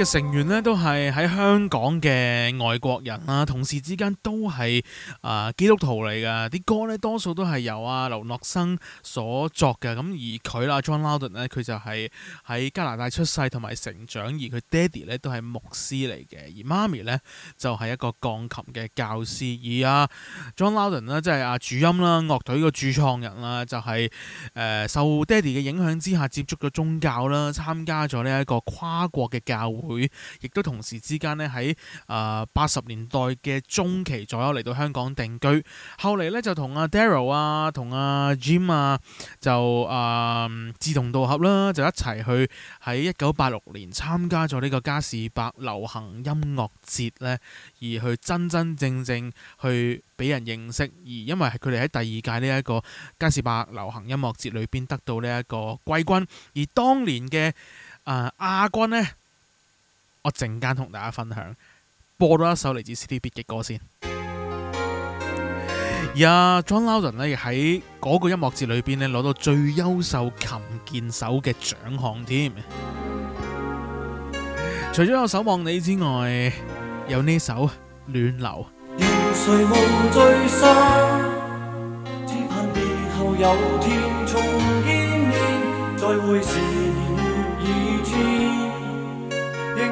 嘅成員呢都係喺香港嘅外國人啦，同事之間都係啊、呃、基督徒嚟噶，啲歌呢多數都係由啊劉諾生所作嘅。咁而佢啦，John Loudon 呢，佢就係喺加拿大出世同埋成長，而佢爹哋呢都係牧師嚟嘅，而媽咪呢，就係、是、一個鋼琴嘅教師。而啊 John Loudon 呢，即係啊主音啦，樂隊嘅主創人啦，就係、是、誒受爹哋嘅影響之下接觸咗宗教啦，參加咗呢一個跨國嘅教會。佢亦都同時之間咧，喺啊八十年代嘅中期左右嚟到香港定居。後嚟呢，就同阿 Daryl 啊，同阿、啊、Jim 啊，就啊、呃、志同道合啦，就一齊去喺一九八六年參加咗呢個嘉士伯流行音樂節呢，而去真真正正去俾人認識。而因為佢哋喺第二屆呢一個嘉士伯流行音樂節裏邊得到呢一個季軍，而當年嘅啊、呃、亞軍呢。我陣間同大家分享播多一首嚟自 CDB 嘅歌先。而啊，John Louden 喺嗰個音樂節裏邊咧攞到最優秀琴鍵手嘅獎項添。除咗有守望你之外，有呢首暖流。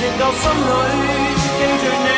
仍舊心裏記著你。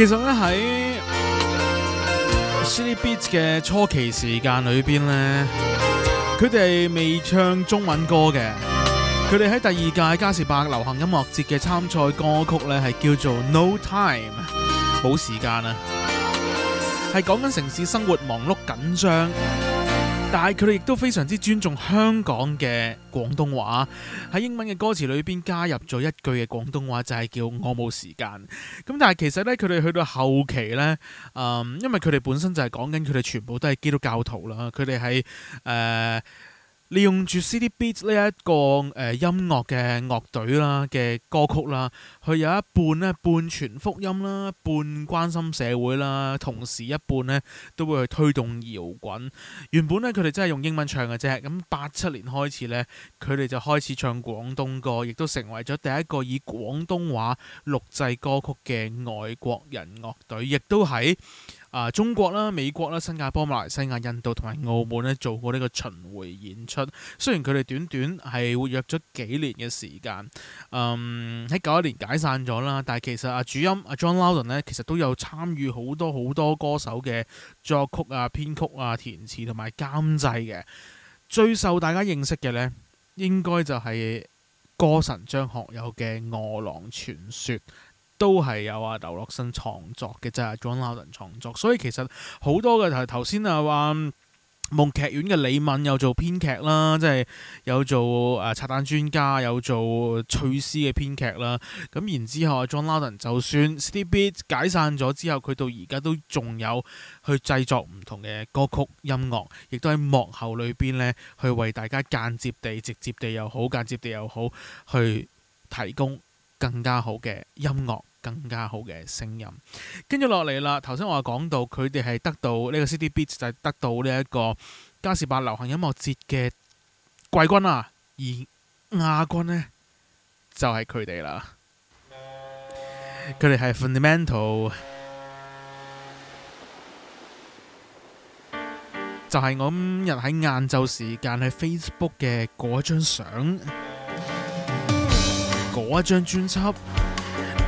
其實咧喺 Silly Bits 嘅初期時間裏邊咧，佢哋未唱中文歌嘅。佢哋喺第二屆嘉士伯流行音樂節嘅參賽歌曲咧係叫做《No Time》，冇時間啊，係講緊城市生活忙碌緊張。但係佢哋亦都非常之尊重香港嘅廣東話，喺英文嘅歌詞裏邊加入咗一句嘅廣東話，就係叫我冇時間。咁但係其實呢，佢哋去到後期呢，嗯，因為佢哋本身就係講緊佢哋全部都係基督教徒啦，佢哋係誒。呃利用住 City Beat 呢一個誒音樂嘅樂隊啦嘅歌曲啦，佢有一半咧半全福音啦，半關心社會啦，同時一半咧都會去推動搖滾。原本咧佢哋真係用英文唱嘅啫，咁八七年開始咧佢哋就開始唱廣東歌，亦都成為咗第一個以廣東話錄製歌曲嘅外國人樂隊，亦都喺，啊、中國啦、美國啦、新加坡、馬來西亞、印度同埋澳門咧，做過呢個巡迴演出。雖然佢哋短短係活躍咗幾年嘅時間，喺九一年解散咗啦。但係其實啊，主音阿 John Louden 咧，其實都有參與好多好多歌手嘅作曲啊、編曲啊、填詞同埋監製嘅。最受大家認識嘅呢，應該就係歌神張學友嘅《餓狼傳說》。都係有啊，劉樂生創作嘅啫，John Louden 創作，所以其實好多嘅就係頭先啊話夢劇院嘅李敏有做編劇啦，即係有做誒拆彈專家，有做趣師嘅編劇啦。咁然之後，John Louden 就算 Steve Beats 解散咗之後，佢到而家都仲有去製作唔同嘅歌曲音樂，亦都喺幕後裏邊咧去為大家間接地、直接地又好、間接地又好去提供更加好嘅音樂。更加好嘅聲音，跟住落嚟啦。頭先我話講到佢哋係得到呢、呢個 City Beat 就係得到呢、呢、一個加士伯流行音樂節嘅季軍啊，而亞軍呢，就係佢哋啦。佢哋係 Fundamental，就係我今日喺晏晝時間喺 Facebook 嘅嗰張相，嗰張專輯。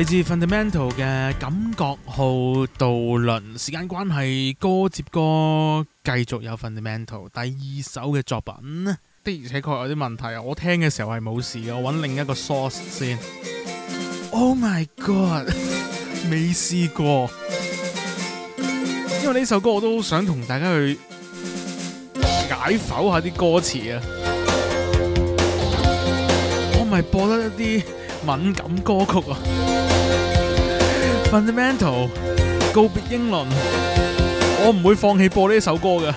嚟自 Fundamental 嘅《感覺號渡輪》，時間關係歌接歌繼續有 Fundamental 第二首嘅作品，的而且確有啲問題。我聽嘅時候係冇事嘅，我揾另一個 source 先。Oh my god，未試過，因為呢首歌我都想同大家去解剖下啲歌詞啊。我咪播得一啲敏感歌曲啊！Fundamental 告別英倫，我唔會放棄播呢一首歌嘅。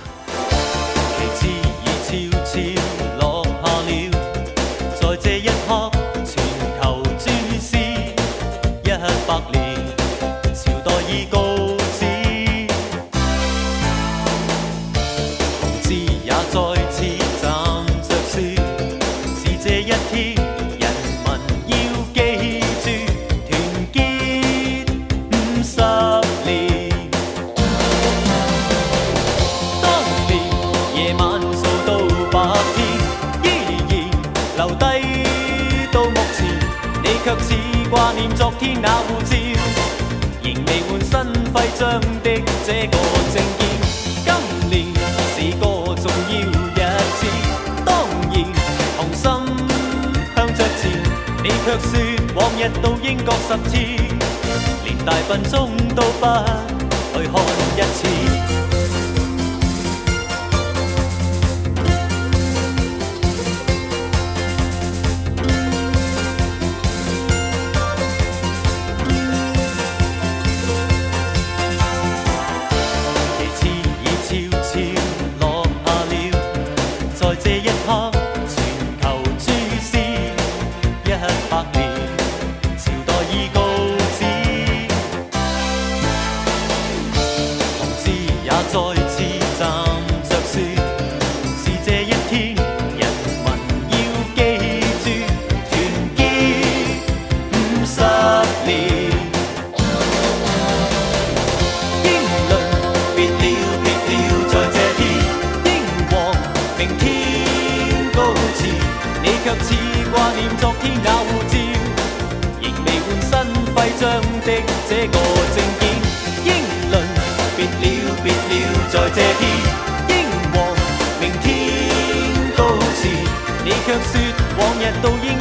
這個證件，今年是個重要日子，當然同心向着前。你卻說往日到英國十次，連大笨鐘都不去看一次。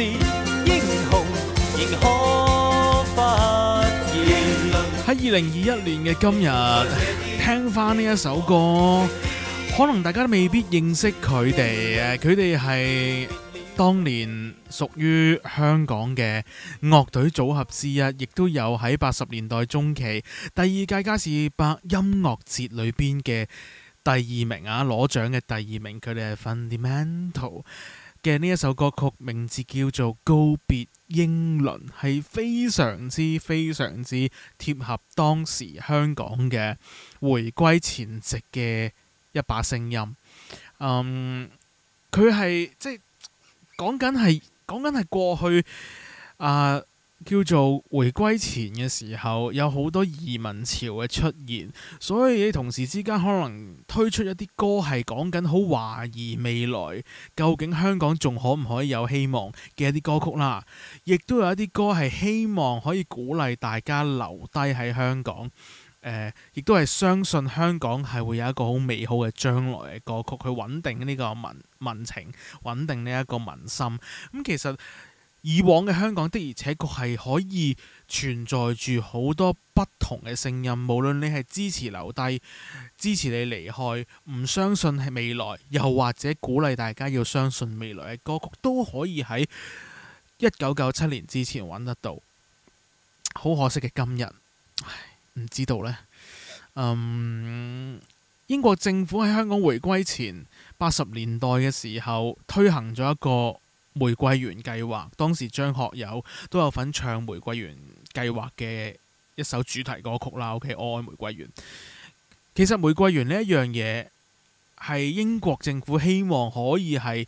英雄可喺二零二一年嘅今日，聽翻呢一首歌，可能大家都未必認識佢哋誒，佢哋係當年屬於香港嘅樂隊組合之一，亦都有喺八十年代中期第二屆嘉士伯音樂節裏邊嘅第二名啊，攞獎嘅第二名，佢哋係 Fundamental。嘅呢一首歌曲名字叫做《告別英倫》，係非常之非常之貼合當時香港嘅回歸前夕嘅一把聲音。嗯，佢係即係講緊係講緊係過去啊。呃叫做回歸前嘅時候，有好多移民潮嘅出現，所以同時之間可能推出一啲歌係講緊好懷疑未來，究竟香港仲可唔可以有希望嘅一啲歌曲啦，亦都有一啲歌係希望可以鼓勵大家留低喺香港，誒、呃，亦都係相信香港係會有一個好美好嘅將來嘅歌曲，去穩定呢個民民情，穩定呢一個民心。咁、嗯、其實。以往嘅香港的而且確係可以存在住好多不同嘅聲音，無論你係支持留低、支持你離開、唔相信係未來，又或者鼓勵大家要相信未來嘅歌曲，都可以喺一九九七年之前揾得到。好可惜嘅今日，唔知道咧。嗯，英國政府喺香港回歸前八十年代嘅時候推行咗一個。玫瑰園計劃，當時張學友都有份唱玫瑰園計劃嘅一首主題歌曲啦。OK，我愛玫瑰園。其實玫瑰園呢一樣嘢係英國政府希望可以係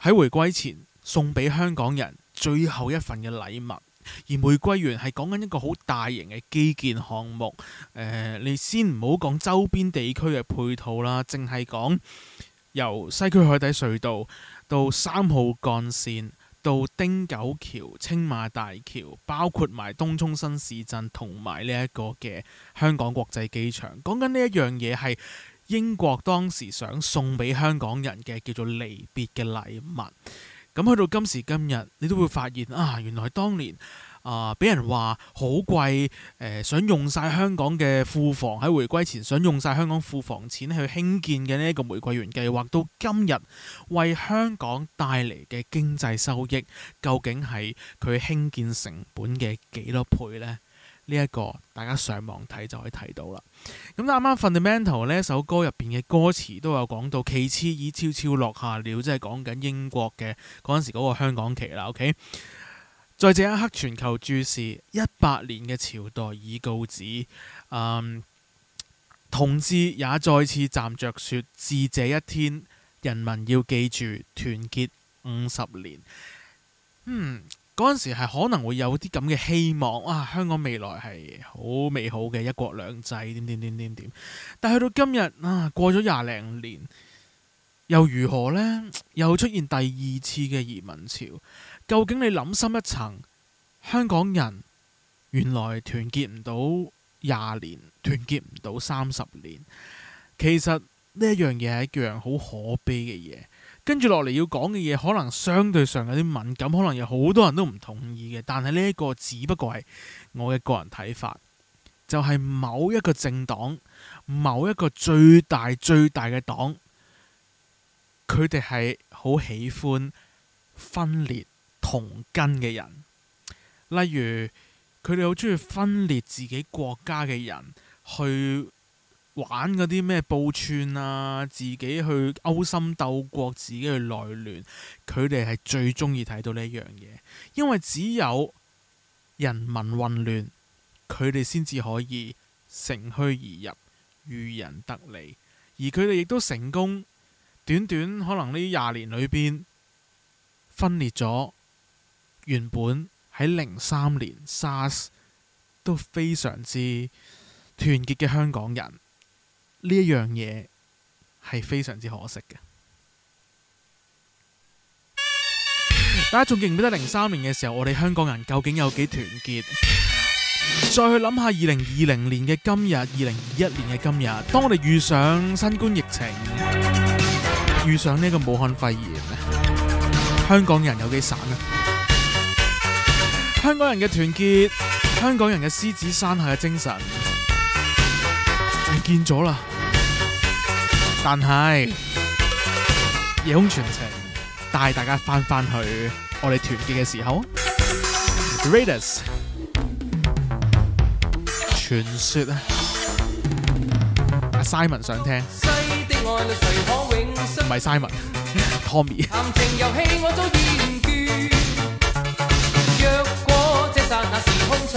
喺回歸前送俾香港人最後一份嘅禮物。而玫瑰園係講緊一個好大型嘅基建項目，呃，你先唔好講周邊地區嘅配套啦，淨係講由西區海底隧道。到三號幹線，到汀九橋、青馬大橋，包括埋東涌新市鎮同埋呢一個嘅香港國際機場。講緊呢一樣嘢係英國當時想送俾香港人嘅叫做離別嘅禮物。咁去到今時今日，你都會發現啊，原來當年。啊！俾人話好貴，誒、呃、想用晒香港嘅庫房，喺回歸前想用晒香港庫房錢去興建嘅呢一個玫瑰園計劃，到今日為香港帶嚟嘅經濟收益，究竟係佢興建成本嘅幾多倍呢？呢、這、一個大家上網睇就可以睇到啦。咁啱啱《Fundamental》呢首歌入邊嘅歌詞都有講到，旗幟已悄悄落下了，即係講緊英國嘅嗰陣時嗰個香港旗啦。OK。在這一刻全球注視，一百年嘅朝代已告止，嗯，同志也再次站着説，自這一天，人民要記住團結五十年。嗯，嗰陣時係可能會有啲咁嘅希望。哇，啊，香港未來係好美好嘅一國兩制點點點點點。但去到今日啊，過咗廿零年，又如何呢？又出現第二次嘅移民潮。究竟你諗深一層，香港人原來團結唔到廿年，團結唔到三十年。其實呢一樣嘢係一樣好可悲嘅嘢。跟住落嚟要講嘅嘢，可能相對上有啲敏感，可能有好多人都唔同意嘅。但係呢一個只不過係我嘅個人睇法，就係、是、某一個政黨，某一個最大最大嘅黨，佢哋係好喜歡分裂。同根嘅人，例如佢哋好中意分裂自己國家嘅人去玩嗰啲咩報串啊，自己去勾心鬥角，自己去內亂，佢哋係最中意睇到呢一樣嘢，因為只有人民混亂，佢哋先至可以乘虛而入，漁人得利。而佢哋亦都成功，短短可能呢廿年裏邊分裂咗。原本喺零三年 SARS 都非常之團結嘅香港人，呢一樣嘢係非常之可惜嘅。 大家仲記唔記得零三年嘅時候，我哋香港人究竟有幾團結？ 再去諗下二零二零年嘅今日，二零二一年嘅今日，當我哋遇上新冠疫情，遇上呢個武漢肺炎咧，香港人有幾散咧，啊？香港人嘅團結，香港人嘅獅子山下嘅精神，唔見咗啦。但係夜空傳情，帶大家返返去我哋團結嘅時候。Raidas 傳説啊，阿 Simon 想聽，唔係 Simon，Tommy。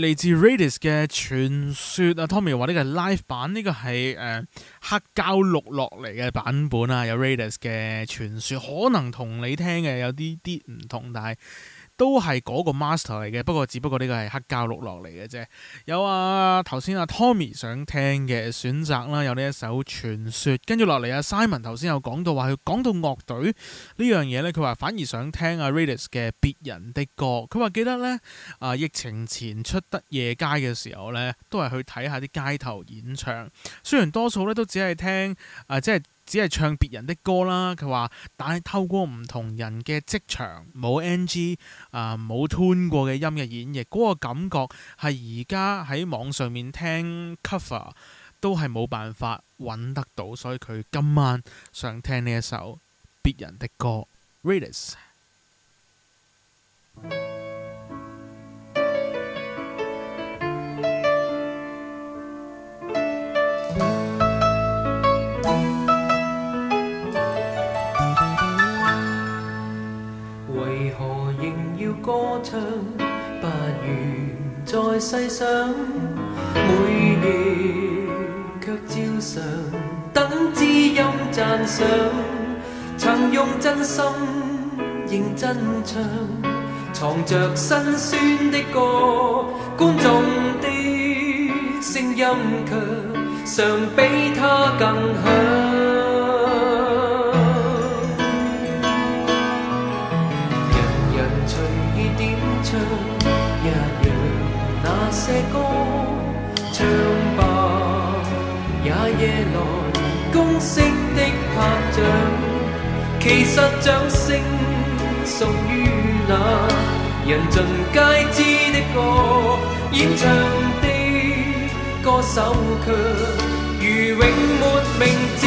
嚟自 Raidas 嘅傳説啊，Tommy 話呢個係 live 版，呢、呢個係誒黑膠錄落嚟嘅版本啊，有 Raidas 嘅傳説，可能同你聽嘅有啲啲唔同，但係，都係嗰個 master 嚟嘅，不過只不過呢個係黑膠錄落嚟嘅啫。有啊，頭先阿、啊、Tommy 想聽嘅選擇啦，有呢一首傳説。跟住落嚟，啊、阿 Simon 頭先有講到話，佢講到樂隊呢樣嘢呢，佢話反而想聽阿、啊、Raidas 嘅別人的歌。佢話記得呢啊疫情前出得夜街嘅時候呢，都係去睇下啲街頭演唱，雖然多數呢都只係聽啊，即係。只係唱別人的歌啦，佢話，但係透過唔同人嘅職場冇 NG 啊、呃，冇 tune 過嘅音嘅演繹，嗰、那個感覺係而家喺網上面聽 cover 都係冇辦法揾得到，所以佢今晚想聽呢一首別人的歌《為何仍要歌唱？不如再細想，每夜卻照常等知音讚賞。曾用真心認真唱，藏着辛酸的歌，觀眾的聲音卻常比他更響。歌唱吧，也夜來公式的拍掌。其實掌聲屬於那人盡皆知的歌，演唱的歌手卻如永沒名字。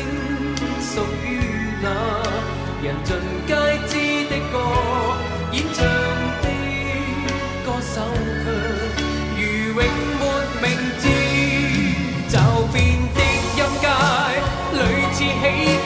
屬於那人盡皆知的歌，演唱的歌手卻如永沒名字，驟變的音階，類似起。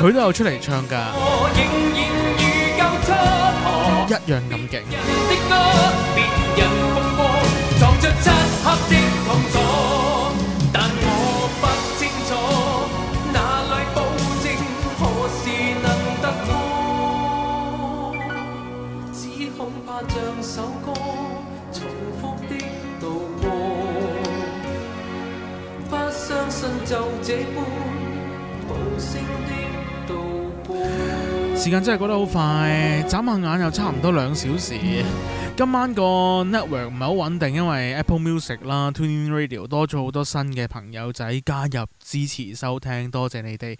佢都有出嚟唱㗎，一樣咁勁。時間真係過得好快，眨下眼又差唔多兩小時。今晚個 network 唔係好穩定，因為 Apple Music 啦、TuneIn Radio 多咗好多新嘅朋友仔加入支持收聽，多謝你哋。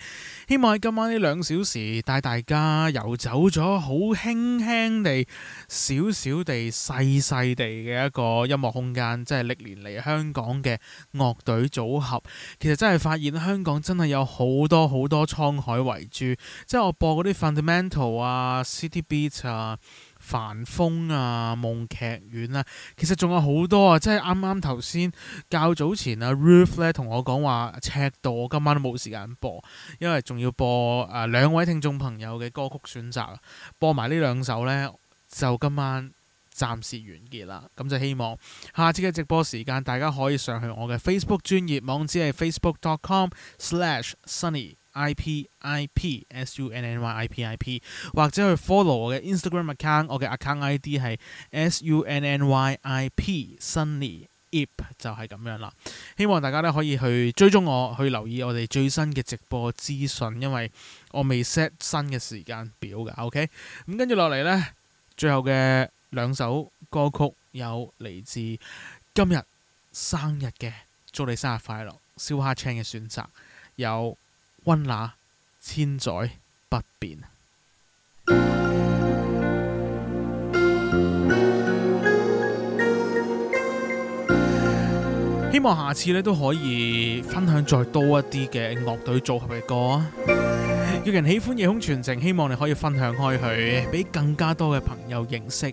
希望喺今晚呢兩小時帶大家遊走咗好輕輕地、少少地、細細地嘅一個音樂空間，即係歷年嚟香港嘅樂隊組合，其實真係發現香港真係有好多好多滄海遺珠，即係我播嗰啲 Fundamental 啊、City Beat 啊。凡風啊，夢劇院啊，其實仲有好多啊，即係啱啱頭先較早前啊 Ruth 咧同我講話，赤道我今晚都冇時間播，因為仲要播誒、呃、兩位聽眾朋友嘅歌曲選擇，播埋呢兩首呢，就今晚暫時完結啦。咁就希望下次嘅直播時間，大家可以上去我嘅 Facebook 專頁網址係 facebook.com/sunny。i p i p s, IP IP, s u n n y i p i p 或者去 follow 我嘅 Instagram account，我嘅 account ID、u n n y、i d 係 s u n n y i p sunny ip 就係咁樣啦。希望大家咧可以去追蹤我，去留意我哋最新嘅直播資訊，因為我未 set 新嘅時間表噶。OK，咁跟住落嚟呢，最後嘅兩首歌曲有嚟自今日生日嘅祝你生日快樂，燒蝦 chain 嘅選擇有。溫雅千載不變，希望下次咧都可以分享再多一啲嘅樂隊組合嘅歌啊！有人喜歡夜空傳情，希望你可以分享開去，俾更加多嘅朋友認識。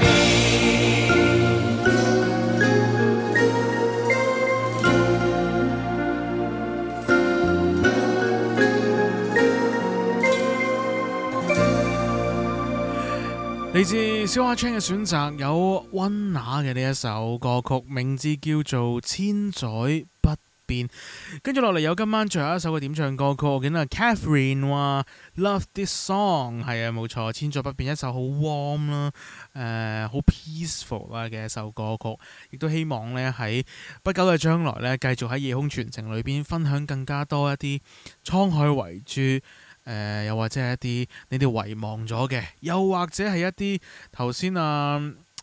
其次，小阿 Cha 嘅選擇有溫拿嘅呢一首歌曲，名字叫做《千載不變》。跟住落嚟有今晚最後一首嘅點唱歌曲我，我見到 Katherine 話 Love This Song，係啊，冇錯，錯《千載不變》一首好 warm 啦，誒、呃，好 peaceful 啦嘅一首歌曲，亦都希望呢，喺不久嘅將來呢，繼續喺夜空傳情裏邊分享更加多一啲滄海遺珠。誒又或者係一啲你哋遺忘咗嘅，又或者係一啲頭先啊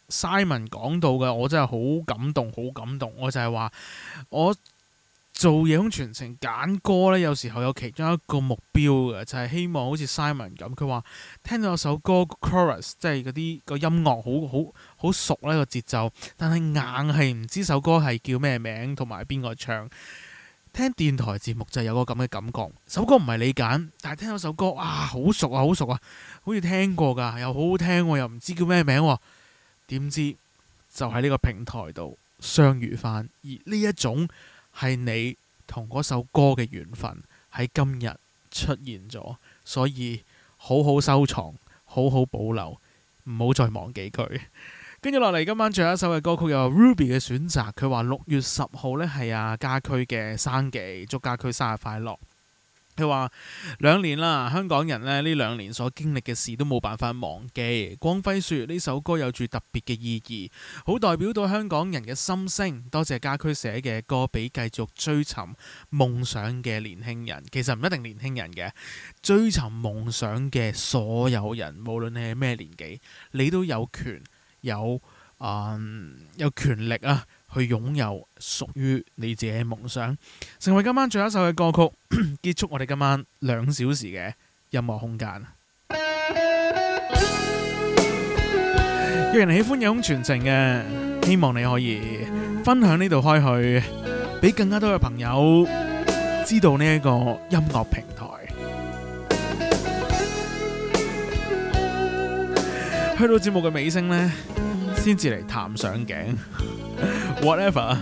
Simon 講到嘅，我真係好感動，好感動。我就係話我做夜空傳情揀歌呢，有時候有其中一個目標嘅，就係、是、希望好似 Simon 咁，佢話聽到首歌 chorus，即係嗰啲個音樂好好好熟呢、呢個節奏，但係硬係唔知首歌係叫咩名同埋邊個唱。聽電台節目就有個咁嘅感覺，首歌唔係你揀，但係聽咗首歌啊，好熟啊，好熟啊，好似聽過噶，又好好聽啊，又唔知叫咩名啊，點知就喺呢個平台度相遇翻，而呢一種係你同嗰首歌嘅緣分喺今日出現咗，所以好好收藏，好好保留，唔好再忘記佢。跟住落嚟，今晚最後一首嘅歌曲有 Ruby 嘅選擇。佢話六月十號咧，係阿家駒嘅生忌，祝家駒生日快樂。佢話兩年啦，香港人咧呢兩年所經歷嘅事都冇辦法忘記。光輝歲月呢首歌有住特別嘅意義，好代表到香港人嘅心聲。多謝家駒寫嘅歌俾繼續追尋夢想嘅年輕人，其實唔一定年輕人嘅，追尋夢想嘅所有人，無論你係咩年紀，你都有權，有啊、呃，有權力啊，去擁有屬於你自己嘅夢想，成為今晚最後一首嘅歌曲， 結束我哋今晚兩小時嘅音樂空間。若然 喜歡夜空傳情嘅，希望你可以分享呢度開去，俾更加多嘅朋友知道呢一個音樂平台。去到節目嘅尾聲呢，先至嚟探上鏡。 Whatever，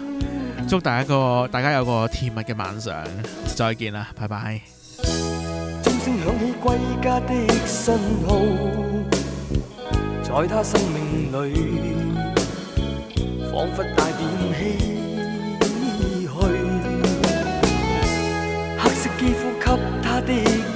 祝大家一個大家有個甜蜜嘅晚上，再見啦，拜拜。鐘聲響起歸家的訊號，在他生命裡彷彿帶點唏噓，黑色肌膚給他的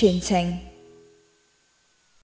全程。